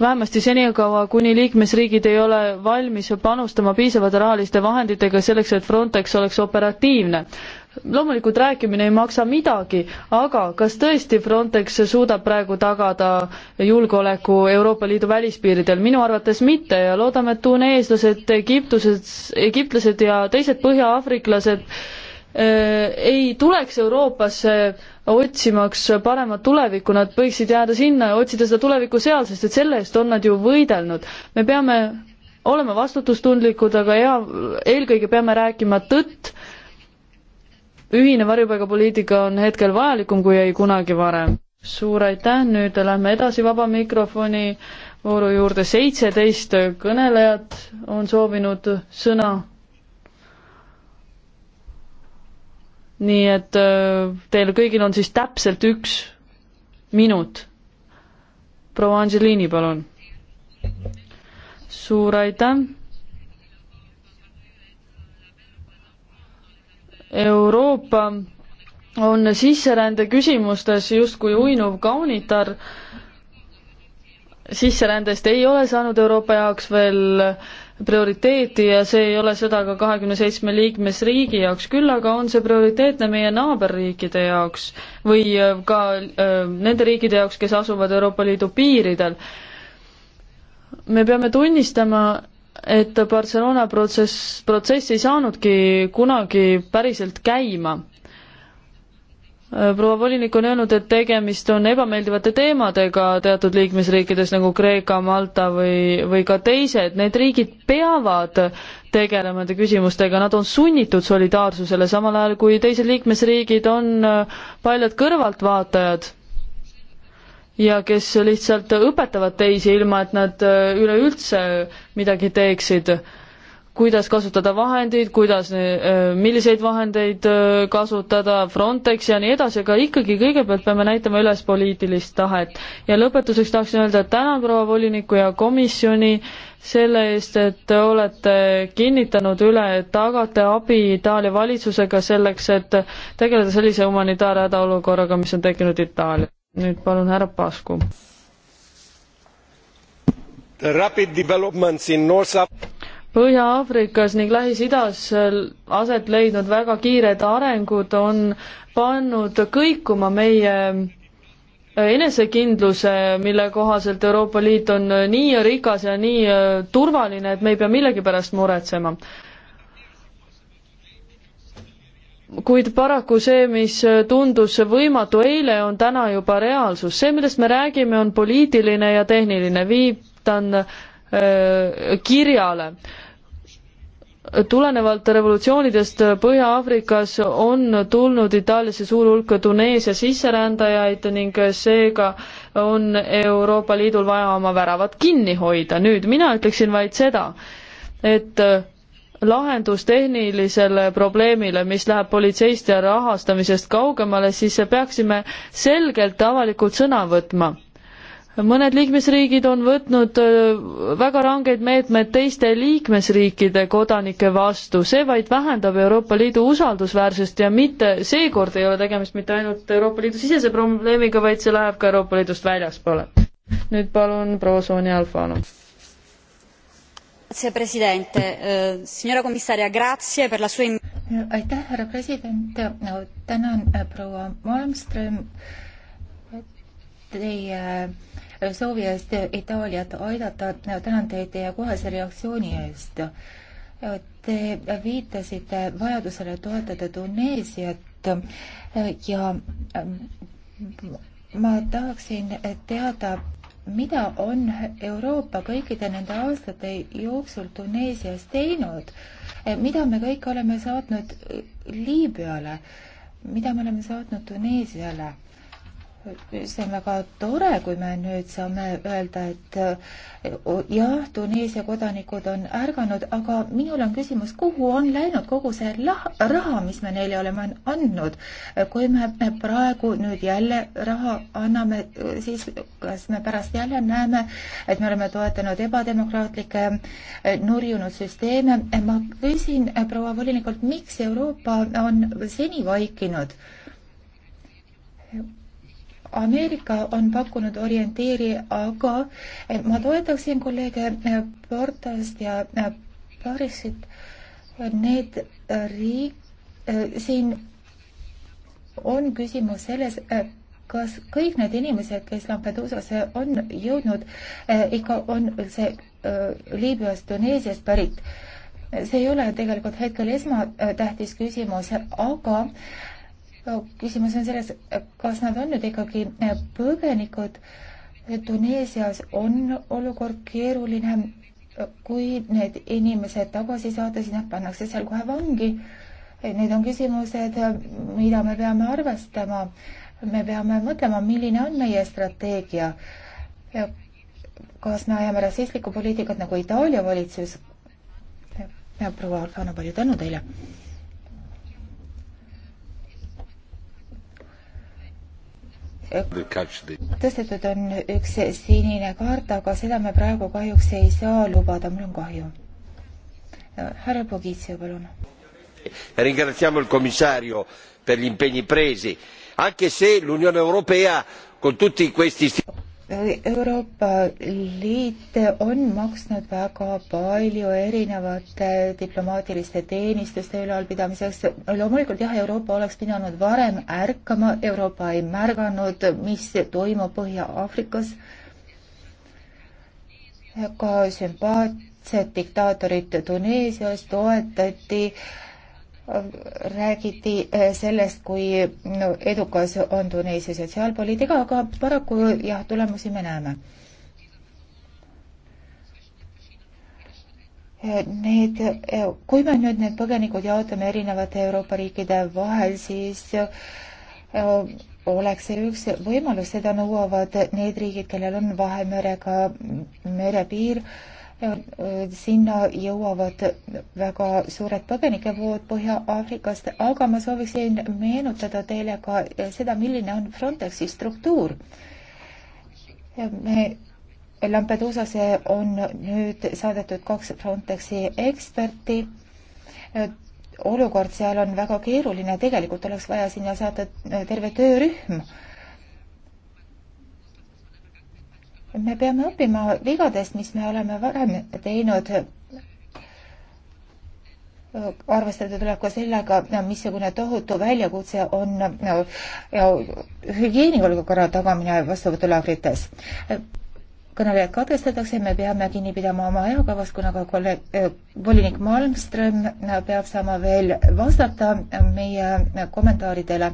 S1: vähemasti senikaua, kuni liikmesriigid ei ole valmis panustama piisavate rahaliste vahenditega selleks, et Frontex oleks operatiivne loomulikult rääkimine ei maksa midagi, aga kas tõesti Frontex suudab praegu tagada julgeoleku Euroopa Liidu välispiiridel? minu arvates mitte ja loodame, et tuneeslased, egiptused, egiptlased ja teised põhja-aafriklased eh, ei tuleks Euroopasse otsimaks paremat tulevikku, nad võiksid jääda sinna ja otsida seda tulevikku seal, sest et selle eest on nad ju võidelnud. me peame olema vastutustundlikud, aga hea, eelkõige peame rääkima tõtt ühine varjupaigapoliitika on hetkel vajalikum kui ei kunagi varem. suur aitäh, nüüd lähme edasi vaba mikrofoni vooru juurde, seitseteist kõnelejat on soovinud sõna. nii et äh, teil kõigil on siis täpselt üks minut. proua Angelini, palun. suur aitäh Euroopa on sisserände küsimustes justkui uinuv kaunitar. sisserändest ei ole saanud Euroopa jaoks veel prioriteeti ja see ei ole seda ka kahekümne seitsme liikmesriigi jaoks, küll aga on see prioriteetne meie naaberriikide jaoks või äh, ka öö, äh, nende riikide jaoks, kes asuvad Euroopa Liidu piiridel. me peame tunnistama, et Barcelona protsess, protsess ei saanudki kunagi päriselt käima. proua volinik on öelnud, et tegemist on ebameeldivate teemadega teatud liikmesriikides nagu Kreeka, Malta või, või ka teised, need riigid peavad tegelema nende küsimustega, nad on sunnitud solidaarsusele, samal ajal kui teised liikmesriigid on paljad kõrvaltvaatajad ja kes lihtsalt õpetavad teisi, ilma et nad äh, üleüldse midagi teeksid. kuidas kasutada vahendeid, kuidas, äh, milliseid vahendeid äh, kasutada, Frontex ja nii edasi, aga ikkagi kõigepealt peame näitama üles poliitilist tahet. ja lõpetuseks tahaksin öelda, et tänan proua voliniku ja komisjoni selle eest, et te olete kinnitanud üle, et tagate abi Itaalia valitsusega selleks, et tegeleda sellise humanitaarhädaolukorraga, mis on tekkinud Itaalias nüüd palun härra Pasku. Põhja-Aafrikas ning Lähis-Idas aset leidnud väga kiired arengud on pannud kõikuma meie äh, enesekindluse, mille kohaselt Euroopa Liit on äh, nii rikas ja nii äh, turvaline, et me ei pea millegi pärast muretsema kuid paraku see, mis tundus võimatu eile, on täna juba reaalsus. see, millest me räägime, on poliitiline ja tehniline, viitan äh, kirjale. tulenevalt revolutsioonidest Põhja-Aafrikas on tulnud Itaaliasse suur hulk Tuneesia sisserändajaid ning seega on Euroopa Liidul vaja oma väravad kinni hoida. nüüd mina ütleksin vaid seda, et lahendus tehnilisele probleemile, mis läheb politseist ja rahastamisest kaugemale, siis peaksime selgelt avalikult sõna võtma mõned liikmesriigid on võtnud äh, väga rangeid meetmeid teiste liikmesriikide kodanike vastu, see vaid vähendab Euroopa Liidu usaldusväärsust ja mitte, seekord ei ole tegemist mitte ainult Euroopa Liidu sisese probleemiga, vaid see läheb ka Euroopa Liidust väljaspoole. nüüd palun proua Sonja Alfano
S5: signor presidente eh, signora commissaria grazie per la sua. Eh,
S4: aitäh härra president tänan eh, proua malmström teie soovi eest itaaliat aidata tänan teid teie kohese reaktsiooni eest. Te viitasite vajadusele toetada Tuneesiat ja mm, ma tahaksin teada mida on Euroopa kõikide nende aastate jooksul Tuneesias teinud, mida me kõik oleme saatnud Liibüale, mida me oleme saatnud Tuneesiale see on väga tore, kui me nüüd saame öelda, et äh, jah, Tuneesia kodanikud on ärganud, aga minul on küsimus, kuhu on läinud kogu see raha, mis me neile oleme andnud. kui me, me praegu nüüd jälle raha anname, siis kas me pärast jälle näeme, et me oleme toetanud ebademokraatlikke äh, nurjunud süsteeme. ma küsin äh, proua volinikult, miks Euroopa on seni vaikinud? Ameerika on pakkunud orienteeri, aga eh, ma toetaksin kolleege eh, Portast ja eh, Pariisit. Need riik, siin on küsimus selles, kas kõik need inimesed, kes Lampedusasse on jõudnud, ikka on see Liibüast, Tuneesiast pärit. see ei ole tegelikult hetkel esmatähtis küsimus, aga küsimus on selles, kas nad on nüüd ikkagi äh, põgenikud. Tuneesias on olukord keeruline. kui need inimesed tagasi saada, siis nad pannakse seal kohe vangi. Need on küsimused, äh, mida me peame arvestama. me peame mõtlema, milline on meie strateegia. kas me ajame rassistlikku poliitikat nagu Itaalia valitsus? proua Alfano, palju tänu teile!
S3: tõstetud
S4: on üks sinine kaart, aga seda me praegu kahjuks ei saa lubada, mul on kahju. härra Pogitsev, palun.
S3: Ringraziamo il commissario per gli impegni presi, anche se l'Unione Europea con tutti questi
S4: Euroopa Liit on maksnud väga palju erinevate diplomaatiliste teenistuste ülalpidamiseks. loomulikult jah, Euroopa oleks pidanud varem ärkama, Euroopa ei märganud, mis toimub Põhja-Aafrikas. ka sümpaatsed diktaatorid Tuneesias toetati äh, räägiti eh, sellest, kui edukas on Tuneesia sotsiaalpoliitika, aga paraku jah, tulemusi me näeme. Eh, need, eh, kui me nüüd need põgenikud jaotame erinevate Euroopa riikide vahel, siis oleks see üks võimalus, seda nõuavad need riigid, kellel on Vahemerega merepiir mere Äh, sinna jõuavad väga suured põgenikevood Põhja-Aafrikast, aga ma sooviksin meenutada teile ka seda, milline on Frontexi struktuur. me Lampedusasse on nüüd saadetud kaks Frontexi eksperti. Äh, olukord seal on väga keeruline, tegelikult oleks vaja sinna saata terve töörühm me peame õppima vigadest, mis me oleme varem teinud. arvestada tuleb ka sellega, missugune tohutu väljakutse on no, hügieeniolukorra tagamine vastuvõtulaagrites. kõnelejad katkestatakse, me peame kinni pidama oma ajakavast, kuna ka kolleeg eh,, volinik Malmström peab saama veel vastata meie kommentaaridele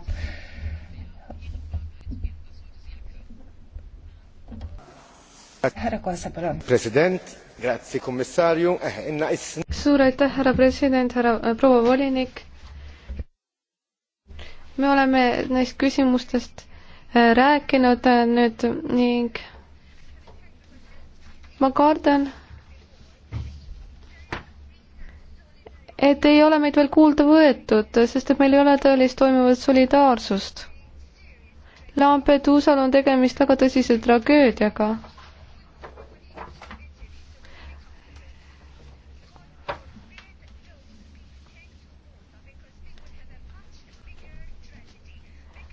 S4: härra Kaasa, palun.
S3: president, grazie, komissarju eh, eh,, nice.
S2: suur aitäh, härra president, härra äh, proua volinik. me oleme neist küsimustest äh, rääkinud äh, nüüd ning ma kardan, et ei ole meid veel kuulda võetud, sest et meil ei ole tõelist toimivat solidaarsust. Lampedusal on tegemist väga tõsise tragöödiaga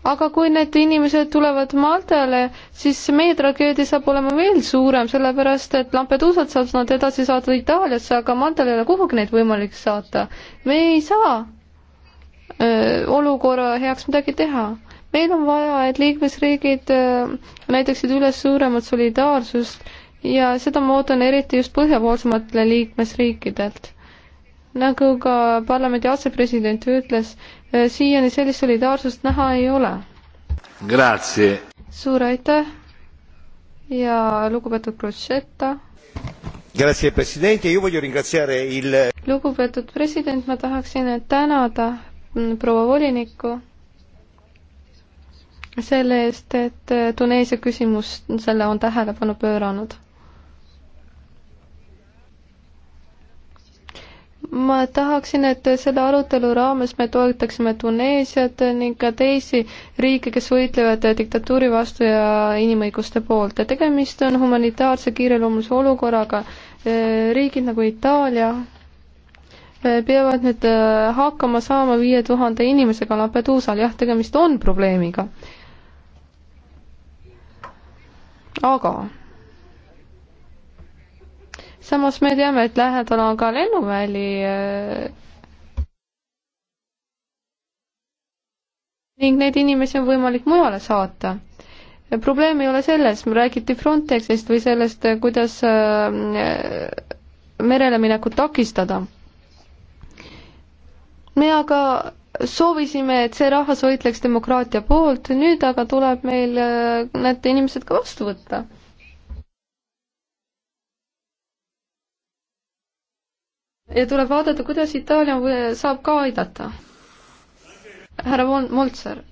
S2: aga kui need inimesed tulevad Maltale, siis meie tragöödia saab olema veel suurem, sellepärast et Lampeduusalt saab nad edasi saata Itaaliasse, aga Maltale ei ole kuhugi neid võimalik saata. me ei saa öö, olukorra heaks midagi teha. meil on vaja, et liikmesriigid öö, näitaksid üles suuremat solidaarsust ja seda ma ootan eriti just põhjapoolsematele liikmesriikidelt nagu ka parlamendi asepresident ütles, eh, siiani sellist solidaarsust näha ei ole. suur aitäh ja lugupeetud Crocetta. Il... lugupeetud president, ma tahaksin tänada mm, proua volinikku selle eest, et eh, Tuneesia küsimus, selle on tähelepanu pööranud ma tahaksin, et selle arutelu raames me toetaksime Tuneesiat ning ka teisi riike, kes võitlevad diktatuuri vastu ja inimõiguste poolt. tegemist on humanitaarse kiireloomulise olukorraga. E, riigid nagu Itaalia e, peavad nüüd e, hakkama saama viie tuhande inimesega Lampeduusal, jah, tegemist on probleemiga. aga samas me teame, et lähedal on ka lennuväli äh, ning neid inimesi on võimalik mujale saata. probleem ei ole selles, räägiti Frontexist või sellest, kuidas äh, merele minekut takistada. me aga soovisime, et see rahvas võitleks demokraatia poolt, nüüd aga tuleb meil äh, need inimesed ka vastu võtta ja tuleb vaadata, kuidas Itaalia saab ka aidata.
S4: härra Von Moltser.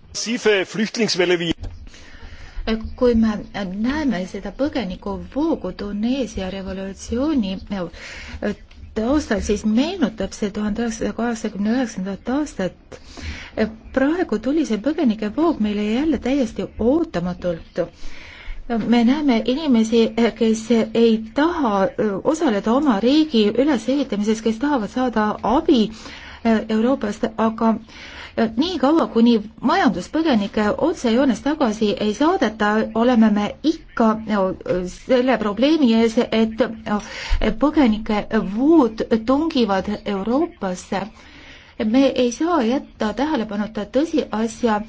S4: kui me näeme seda põgenikuvoogu Tuneesia revolutsiooni äh, taustal, siis meenutab see tuhande üheksasaja kaheksakümne üheksandat aastat. praegu tuli see põgenikevoog meile jälle täiesti ootamatult me näeme inimesi, kes ei taha osaleda oma riigi ülesehitamises, kes tahavad saada abi Euroopast, aga niikaua, kuni majanduspõgenikke otsejoones tagasi ei saadeta, oleme me ikka no, selle probleemi ees, et no, põgenike vood tungivad Euroopasse. me ei saa jätta tähelepanuta tõsiasja,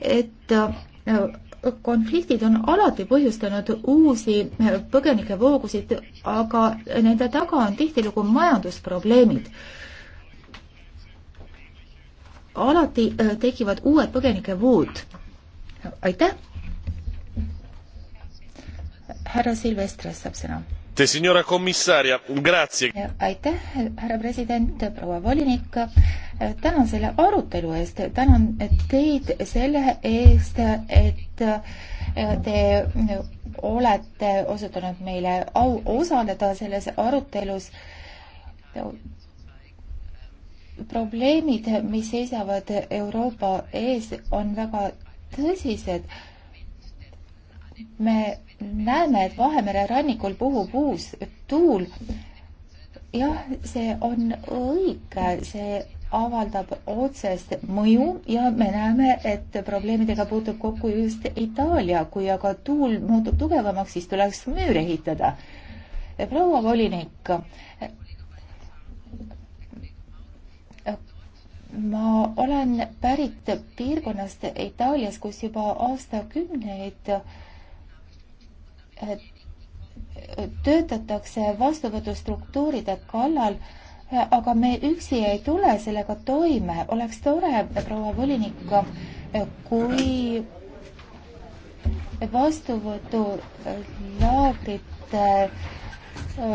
S4: et no, konfliktid on alati põhjustanud uusi eh, põgenikevoogusid, aga nende taga on tihtilugu majandusprobleemid. alati eh, tekivad uued põgenikevood. aitäh! härra Silvestras saab sõna aitäh, härra president, proua volinik, tänan selle arutelu eest, tänan teid selle eest, et te olete osutunud meile au osaleda selles arutelus. probleemid, mis seisavad Euroopa ees, on väga tõsised. me näeme, et Vahemere rannikul puhub uus tuul. jah, see on õige, see avaldab otsest mõju ja me näeme, et probleemidega puutub kokku just Itaalia. kui aga tuul muutub tugevamaks, siis tuleks müür ehitada. proua volinik, ma olen pärit piirkonnast Itaalias, kus juba aastakümneid et töötatakse vastuvõtustruktuuride kallal, aga me üksi ei tule sellega toime. oleks tore, proua volinik, kui vastuvõtulaagrite äh,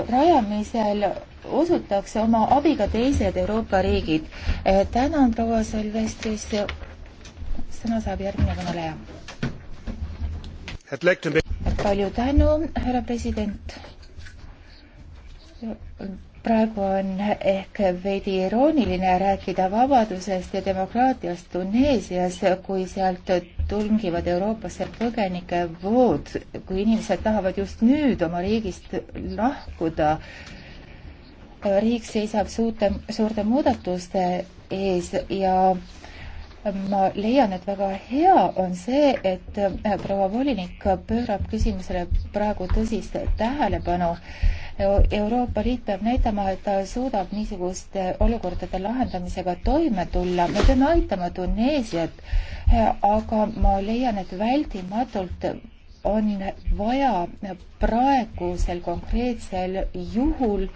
S4: rajamisel osutakse oma abiga teised Euroopa riigid. Äh, tänan, proua Silvestris. sõna saab järgmine kõneleja palju tänu, härra president. praegu on ehk veidi irooniline rääkida vabadusest ja demokraatiast Tuneesias, kui sealt tungivad Euroopasse põgenikevood, kui inimesed tahavad just nüüd oma riigist lahkuda. riik seisab suurte, suurte muudatuste ees ja ma leian, et väga hea on see, et äh, proua volinik pöörab küsimusele praegu tõsist tähelepanu. Euroopa Liit peab näitama, et ta suudab niisuguste olukordade lahendamisega toime tulla. me peame aitama Tuneesiat, äh, aga ma leian, et vältimatult on vaja praegusel konkreetsel juhul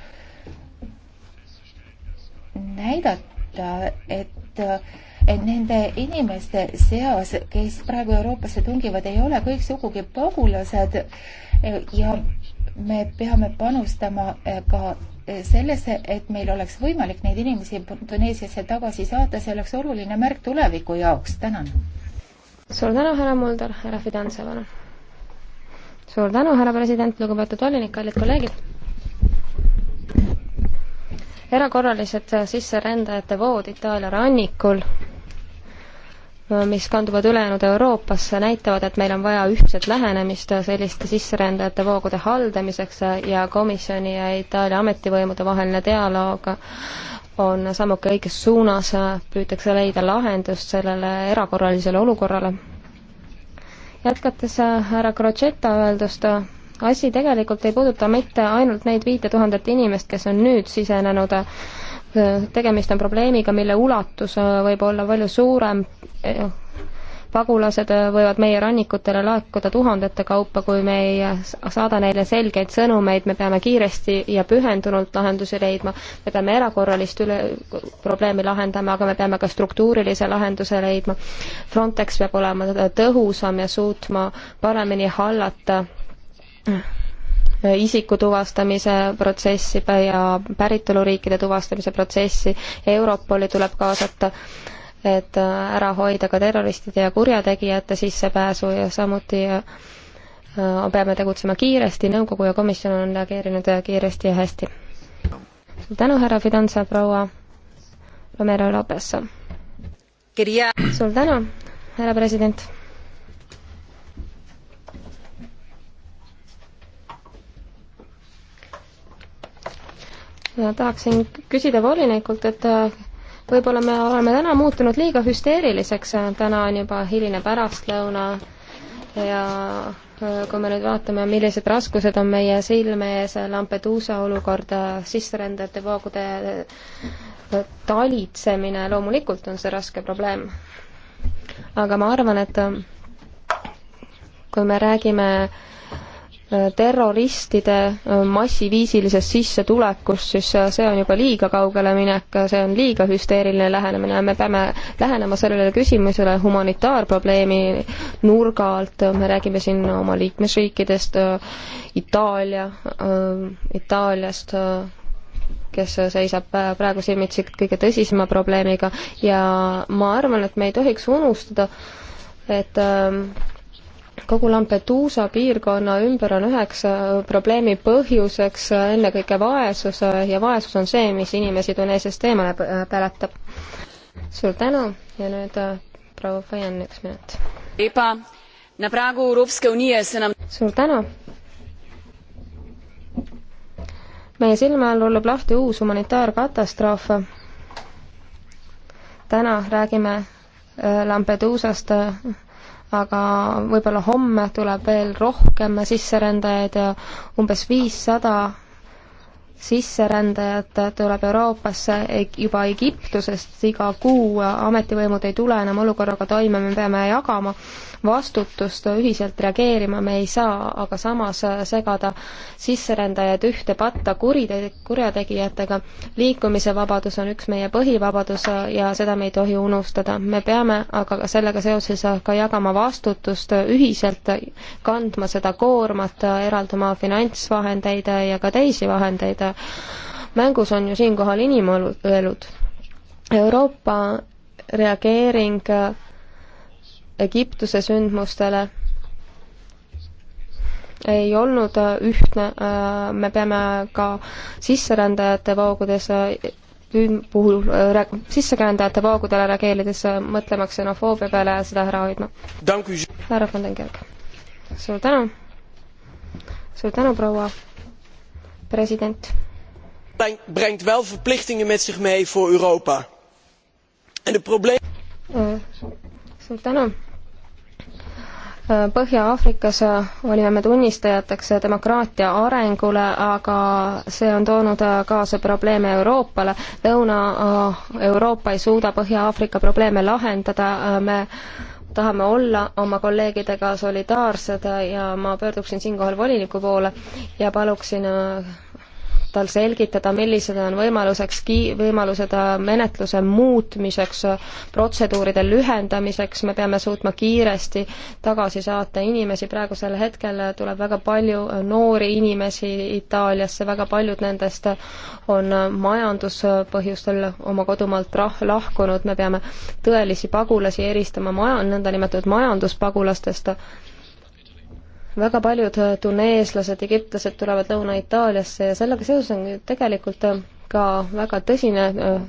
S4: näidata, et äh, et nende inimeste seas, kes praegu Euroopasse tungivad, ei ole kõik sugugi pagulased ja me peame panustama eh, ka eh, sellesse, et meil oleks võimalik neid inimesi Tuneesiasse tagasi saata, see oleks oluline märk tuleviku jaoks, tänan.
S5: suur tänu, härra Mulder, härra Fidanza, palun. suur tänu, härra president, lugupeetud volinik, kallid kolleegid erakorralised sisserändajate vood Itaalia rannikul, mis kanduvad ülejäänud Euroopasse, näitavad, et meil on vaja ühtset lähenemist selliste sisserändajate voogude haldamiseks ja komisjoni ja Itaalia ametivõimude vaheline dialoog on sammuke õiges suunas, püütakse leida lahendust sellele erakorralisele olukorrale. jätkates härra Crocetta öeldust, asi tegelikult ei puuduta mitte ainult neid viite tuhandet inimest, kes on nüüd sisenenud, tegemist on probleemiga, mille ulatus võib olla palju suurem, pagulased võivad meie rannikutele laekuda tuhandete kaupa, kui me ei saada neile selgeid sõnumeid, me peame kiiresti ja pühendunult lahendusi leidma, me peame erakorralist üle, probleemi lahendama, aga me peame ka struktuurilise lahenduse leidma. Frontex peab olema tõhusam ja suutma paremini hallata Mm. isiku tuvastamise protsessi ja päritoluriikide tuvastamise protsessi, Europoli tuleb kaasata, et äh, ära hoida ka terroristide ja kurjategijate sissepääsu ja samuti äh, äh, peame tegutsema kiiresti, nõukogu ja komisjon on reageerinud kiiresti ja hästi. suur tänu, härra Fidanza, proua Romero Lopes. suur tänu, härra president tahaksin küsida volinikult, et äh, võib-olla me oleme täna muutunud liiga hüsteeriliseks, äh, täna on juba hiline pärastlõuna ja äh, kui me nüüd vaatame, millised raskused on meie silme ees, Lampeduusa olukord, sisserändajate voogude talitsemine, loomulikult on see raske probleem. aga ma arvan, et kui me räägime äh, terroristide äh, massiviisilisest sissetulekust, siis äh, see on juba liiga kaugele minek, äh, see on liiga hüsteeriline lähenemine ja me peame lähenema sellele küsimusele humanitaarprobleemi nurga alt, me räägime siin oma liikmesriikidest, Itaalia, Itaaliast, kes seisab praegu silmitsi kõige tõsisema probleemiga ja ma arvan, et me ei tohiks unustada, et äh, kogu Lampeduusa piirkonna ümber on üheks äh, probleemi põhjuseks äh, ennekõike vaesus äh, ja vaesus on see, mis inimesi Tuneesiast eemale päratab. suur tänu ja nüüd proua Fajan, üks minut. suur tänu. meie silme all hullub lahti uus humanitaarkatastroof. täna räägime Lampeduusast aga võib-olla homme tuleb veel rohkem sisserändajaid, umbes viissada sisserändajad tuleb Euroopasse juba Egiptusest iga kuu, ametivõimud ei tule enam olukorraga toime, me peame jagama vastutust, ühiselt reageerima me ei saa, aga samas segada sisserändajad ühte patta kurite-, kurjategijatega. liikumise vabadus on üks meie põhivabadus ja seda me ei tohi unustada. me peame aga sellega seoses ka jagama vastutust ühiselt, kandma seda koormat, eraldama finantsvahendeid ja ka teisi vahendeid mängus on ju siinkohal inimelud. Euroopa reageering Egiptuse sündmustele ei olnud ühtne, me peame ka sisserändajate voogudes puhul sisserändajate voogudele reageerides mõtlema ksenofoobia peale ja seda ära hoidma. härra Vandenberg, suur tänu! suur tänu, proua president.
S1: brengt wel verplichtingen met zich mee voor Euroopa. En de probleem.
S5: Eh, suur tänu. Eh, Põhja-Aafrikas eh, olime me tunnistajateks demokraatia arengule, aga see on toonud kaasa probleeme Euroopale. Lõuna-Euroopa ei suuda Põhja-Aafrika probleeme lahendada, me tahame olla oma kolleegidega solidaarsed ja ma pöörduksin siinkohal voliniku poole ja paluksin äh, tal selgitada, millised on võimaluseks, võimalused äh, menetluse muutmiseks, äh, protseduuride lühendamiseks, me peame suutma kiiresti tagasi saata inimesi, praegusel hetkel äh, tuleb väga palju noori inimesi Itaaliasse, väga paljud nendest on majanduspõhjustel oma kodumaalt rah-, lahkunud, me peame tõelisi pagulasi eristama maja, nõndanimetatud majanduspagulastest, väga paljud äh, tuneeslased, egiptlased tulevad Lõuna-Itaaliasse ja sellega seoses on tegelikult äh, ka väga tõsine äh,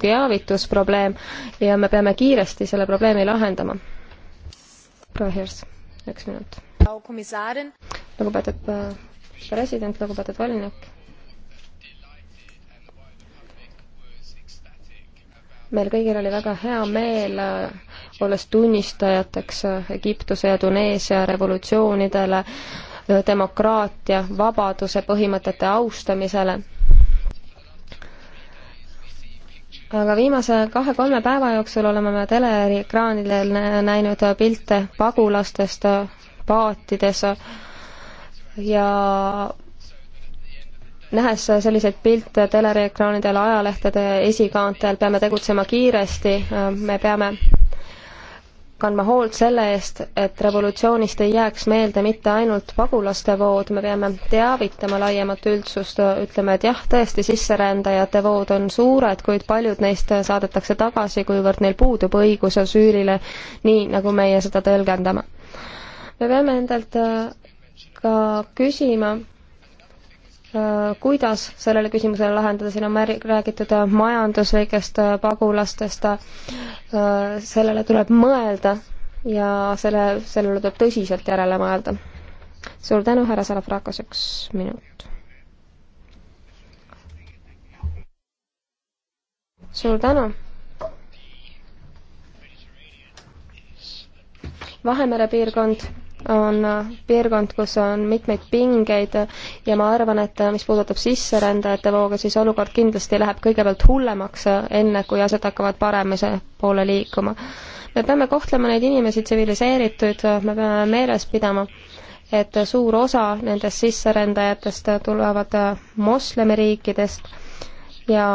S5: teavitusprobleem ja me peame kiiresti selle probleemi lahendama. proua Hirs, üks minut. lugupeetud president, lugupeetud volinik meil kõigil oli väga hea meel, olles tunnistajateks Egiptuse ja Tuneesia revolutsioonidele, demokraatia, vabaduse põhimõtete austamisele. aga viimase kahe-kolme päeva jooksul oleme me teleekraanidel näinud pilte pagulastest paatides ja nähes selliseid pilte telereekraanidel, ajalehtede esikaantel, peame tegutsema kiiresti, me peame kandma hoolt selle eest, et revolutsioonist ei jääks meelde mitte ainult pagulaste vood, me peame teavitama laiemat üldsust, ütleme, et jah, tõesti, sisserändajate vood on suured, kuid paljud neist saadetakse tagasi, kuivõrd neil puudub õigus asüülile, nii nagu meie seda tõlgendame. me peame endalt äh, ka küsima, Äh, kuidas sellele küsimusele lahendada, siin on mär-, räägitud äh, majanduslikest äh, pagulastest, sellele tuleb mõelda ja selle, sellele tuleb tõsiselt järele mõelda. suur tänu, härra Salafrakas, üks minut. suur tänu. Vahemere piirkond on piirkond, kus on mitmeid pingeid ja ma arvan, et mis puudutab sisserändajate vooga, siis olukord kindlasti läheb kõigepealt hullemaks, enne kui asjad hakkavad paremise poole liikuma. me peame kohtlema neid inimesi tsiviliseeritud, me peame meeles pidama, et suur osa nendest sisserändajatest tulevad moslemiriikidest ja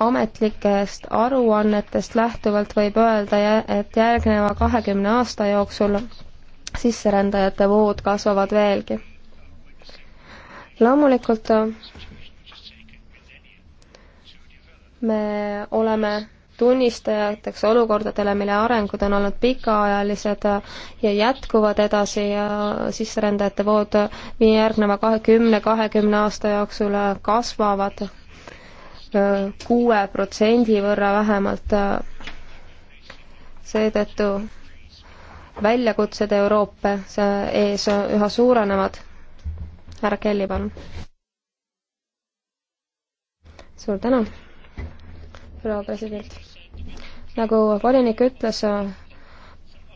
S5: ametlikest aruannetest lähtuvalt võib öelda, et järgneva kahekümne aasta jooksul sisserändajate vood kasvavad veelgi. loomulikult me oleme tunnistajateks olukordadele, mille arengud on olnud pikaajalised ja jätkuvad edasi ja sisserändajate vood nii järgneva kahekümne, kahekümne aasta jooksul kasvavad kuue protsendi võrra vähemalt. seetõttu väljakutsed Euroopa ees üha suurenevad. härra Kelly, palun. suur tänu, proua president. nagu volinik ütles,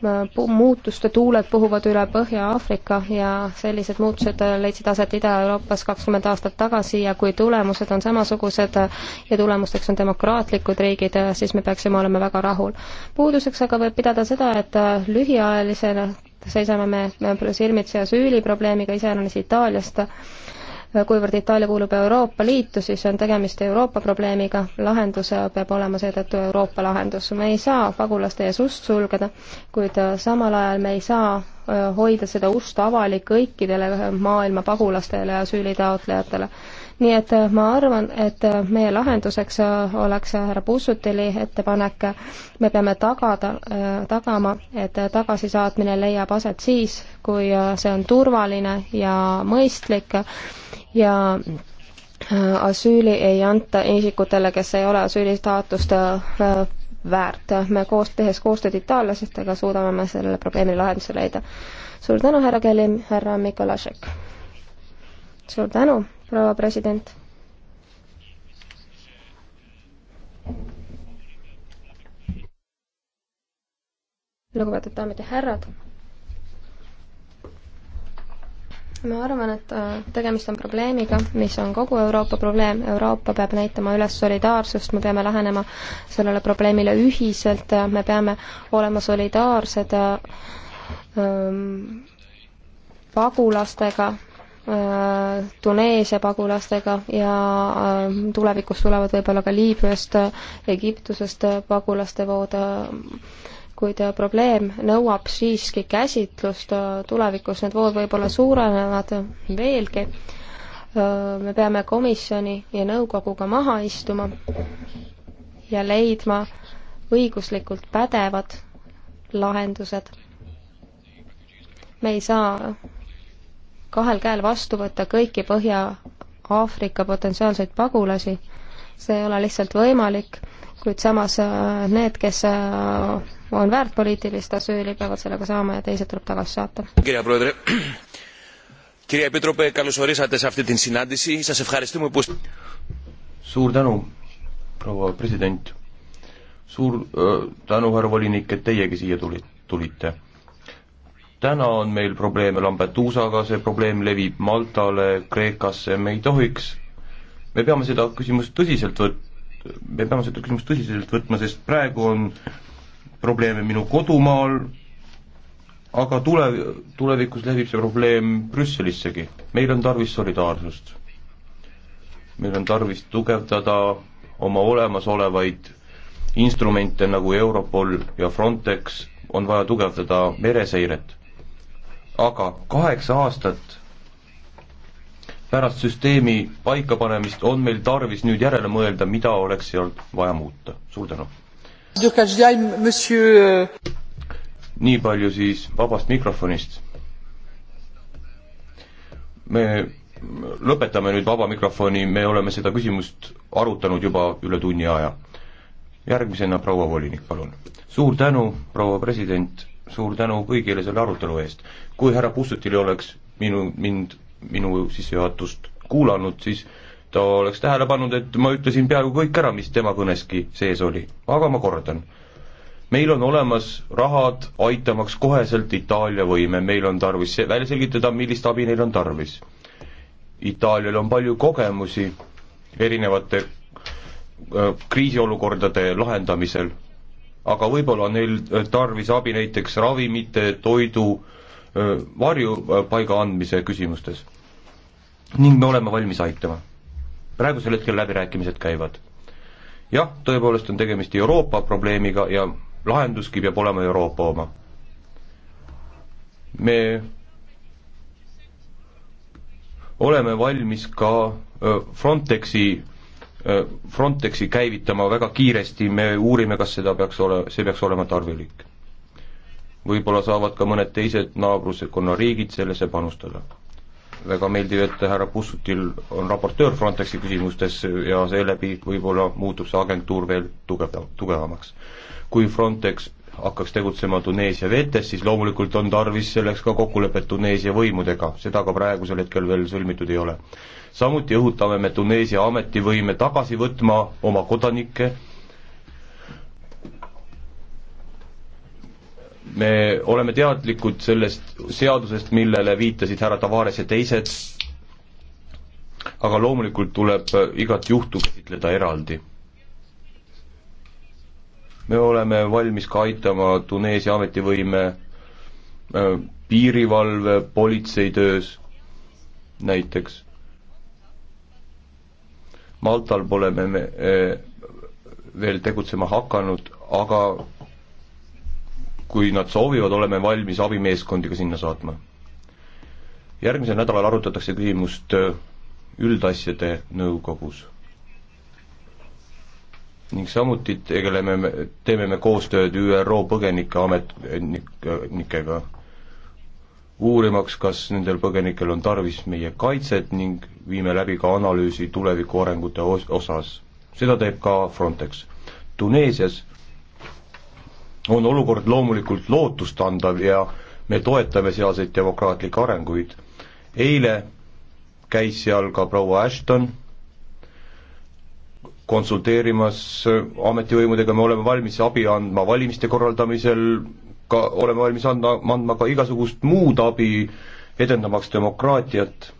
S5: Äh, muutuste tuuled puhuvad üle Põhja-Aafrika ja sellised muutused äh, leidsid aset Ida-Euroopas kakskümmend aastat tagasi ja kui tulemused on samasugused äh, ja tulemusteks on demokraatlikud riigid, siis me peaksime olema väga rahul. puuduseks aga võib pidada seda, et lühiajalisena seisame me silmitsi asüüliprobleemiga, iseäranis Itaaliast, kuivõrd Itaalia kuulub Euroopa Liitu, siis on tegemist Euroopa probleemiga, lahendus peab olema seetõttu Euroopa lahendus. me ei saa pagulaste ees ust sulgeda, kuid äh, samal ajal me ei saa äh, hoida seda ust avali kõikidele äh, maailma pagulastele ja asüülitaotlejatele. nii et ma arvan, et meie lahenduseks oleks härra Pussutili ettepanek, me peame tagada, tagama, et tagasisaatmine leiab aset siis, kui see on turvaline ja mõistlik ja äh, asüüli ei anta isikutele, kes ei ole asüülistaatust äh, väärt. me koos, tehes koostööd itaallastega suudame me sellele probleemile lahenduse leida. suur tänu, härra Kelly, härra Mikolašek. suur tänu, proua president. lugupeetud daamid ja härrad ma arvan, et äh, tegemist on probleemiga, mis on kogu Euroopa probleem, Euroopa peab näitama üles solidaarsust, me peame lähenema sellele probleemile ühiselt, äh, me peame olema solidaarsed äh, ähm, pagulastega äh,, Tuneesia pagulastega ja äh, tulevikus tulevad võib-olla ka Liibüast, Egiptusest pagulaste vood äh, kuid äh, probleem nõuab siiski käsitlust, äh, tulevikus need vood võib-olla suurenevad veelgi. Äh, me peame komisjoni ja nõukoguga maha istuma ja leidma õiguslikult pädevad lahendused. me ei saa kahel käel vastu võtta kõiki Põhja-Aafrika potentsiaalseid pagulasi, see ei ole lihtsalt võimalik kuid samas äh, need, kes äh, on väärt poliitilist asüüli, peavad sellega saama ja teised tuleb tagasi saata.
S3: kirja Proedre, [clears throat] kirja Petrope, kalusorisate sahvtitin sinadisi, sa sefharistume pust-. suur tänu, proua president. suur äh, tänu, härra volinik, et teiegi siia tuli, tulite. täna on meil probleeme Lampeduusaga, see probleem levib Maltale, Kreekasse, me ei tohiks, me peame seda küsimust tõsiselt võtma me peame seda küsimust tõsiselt võtma, sest praegu on probleeme minu kodumaal, aga tule, tulevikus levib see probleem Brüsselissegi. meil on tarvis solidaarsust. meil on tarvis tugevdada oma olemasolevaid instrumente nagu Europol ja Frontex, on vaja tugevdada mereseiret. aga kaheksa aastat pärast süsteemi paikapanemist on meil tarvis nüüd järele mõelda, mida oleks seal vaja muuta. suur tänu! nii palju siis vabast mikrofonist. me lõpetame nüüd vaba mikrofoni, me oleme seda küsimust arutanud juba üle tunni aja. järgmisena proua volinik, palun. suur tänu, proua president, suur tänu kõigile selle arutelu eest. kui härra Pussutil oleks minu, mind minu sissejuhatust kuulanud, siis ta oleks tähele pannud, et ma ütlesin peaaegu kõik ära, mis tema kõneski sees oli, aga ma kordan. meil on olemas rahad aitamaks koheselt Itaalia võime, meil on tarvis välja selgitada, millist abi neil on tarvis. Itaalial on palju kogemusi erinevate äh, kriisiolukordade lahendamisel, aga võib-olla on neil äh, tarvis abi näiteks ravimite, toidu, varjupaiga andmise küsimustes. ning me oleme valmis aitama. praegusel hetkel läbirääkimised käivad. jah, tõepoolest on tegemist Euroopa probleemiga ja lahenduski peab olema Euroopa oma. me oleme valmis ka Frontexi, Frontexi käivitama väga kiiresti, me uurime, kas seda peaks ole, see peaks olema tarvilik võib-olla saavad ka mõned teised naabruskonna riigid sellesse panustada. väga meeldiv, et härra Pussutil on raportöör Frontexi küsimustes ja seeläbi võib-olla muutub see agentuur veel tugev, tugevamaks. kui Frontex hakkaks tegutsema Tuneesia vetes, siis loomulikult on tarvis selleks ka kokkulepet Tuneesia võimudega, seda ka praegusel hetkel veel sõlmitud ei ole. samuti õhutame me Tuneesia ametivõime tagasi võtma oma kodanikke, me oleme teadlikud sellest seadusest, millele viitasid härra Tavares ja teised, aga loomulikult tuleb äh, igat juhtu käsitleda eraldi. me oleme valmis ka aitama Tuneesia ametivõime äh, piirivalve, politseitöös näiteks. Maltal pole me, me äh, veel tegutsema hakanud, aga kui nad soovivad, oleme valmis abimeeskondi ka sinna saatma. järgmisel nädalal arutatakse küsimust äh, üldasjade nõukogus. ning samuti tegeleme me, teeme me koostööd ÜRO põgenikeametnikega, uurimaks, kas nendel põgenikel on tarvis meie kaitset ning viime läbi ka analüüsi tuleviku arengute os-, osas. seda teeb ka Frontex. Tuneesias on olukord loomulikult lootustandav ja me toetame sealseid demokraatlikke arenguid. eile käis seal ka proua Ashton konsulteerimas ametivõimudega, me oleme valmis abi andma valimiste korraldamisel, ka oleme valmis andma, andma ka igasugust muud abi, edendamaks demokraatiat.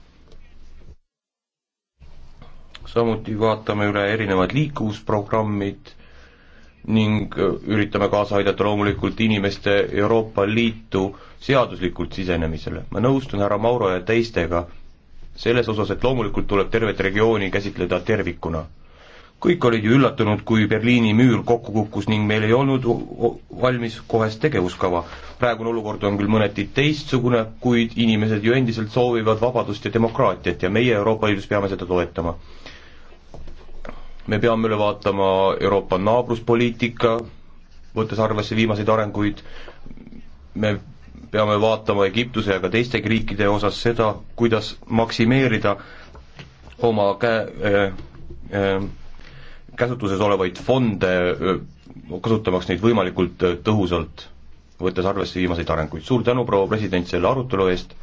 S3: samuti vaatame üle erinevad liikuvusprogrammid ning äh, üritame kaasa aidata loomulikult inimeste Euroopa Liitu seaduslikult sisenemisele. ma nõustun härra Mauro ja teistega selles osas, et loomulikult tuleb tervet regiooni käsitleda tervikuna. kõik olid ju üllatunud, kui Berliini müür kokku kukkus ning meil ei olnud valmis kohest tegevuskava. praegune olukord on küll mõneti teistsugune, kuid inimesed ju endiselt soovivad vabadust ja demokraatiat ja meie Euroopa Liidus peame seda toetama me peame üle vaatama Euroopa naabruspoliitika, võttes arvesse viimaseid arenguid, me peame vaatama Egiptuse ja ka teistegi riikide osas seda, kuidas maksimeerida oma käe äh, äh, käsutuses olevaid fonde äh,, kasutamaks neid võimalikult äh, tõhusalt, võttes arvesse viimaseid arenguid. suur tänu, proua president, selle arutelu eest,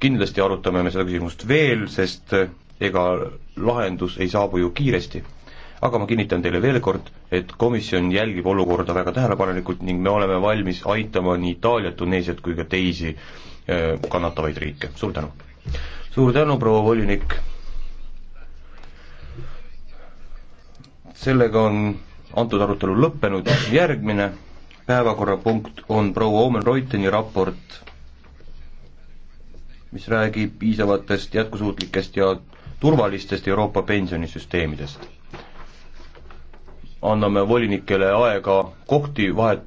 S3: kindlasti arutame me seda küsimust veel, sest äh, ega lahendus ei saabu ju kiiresti aga ma kinnitan teile veel kord, et komisjon jälgib olukorda väga tähelepanelikult ning me oleme valmis aitama nii Itaaliat, Tuneesiat kui ka teisi eh, kannatavaid riike, suur tänu! suur tänu, proua volinik! sellega on antud arutelu lõppenud, järgmine päevakorrapunkt on proua Omen Reuteni raport, mis räägib piisavatest jätkusuutlikest ja turvalistest Euroopa pensionisüsteemidest anname volinikele aega kohti vahet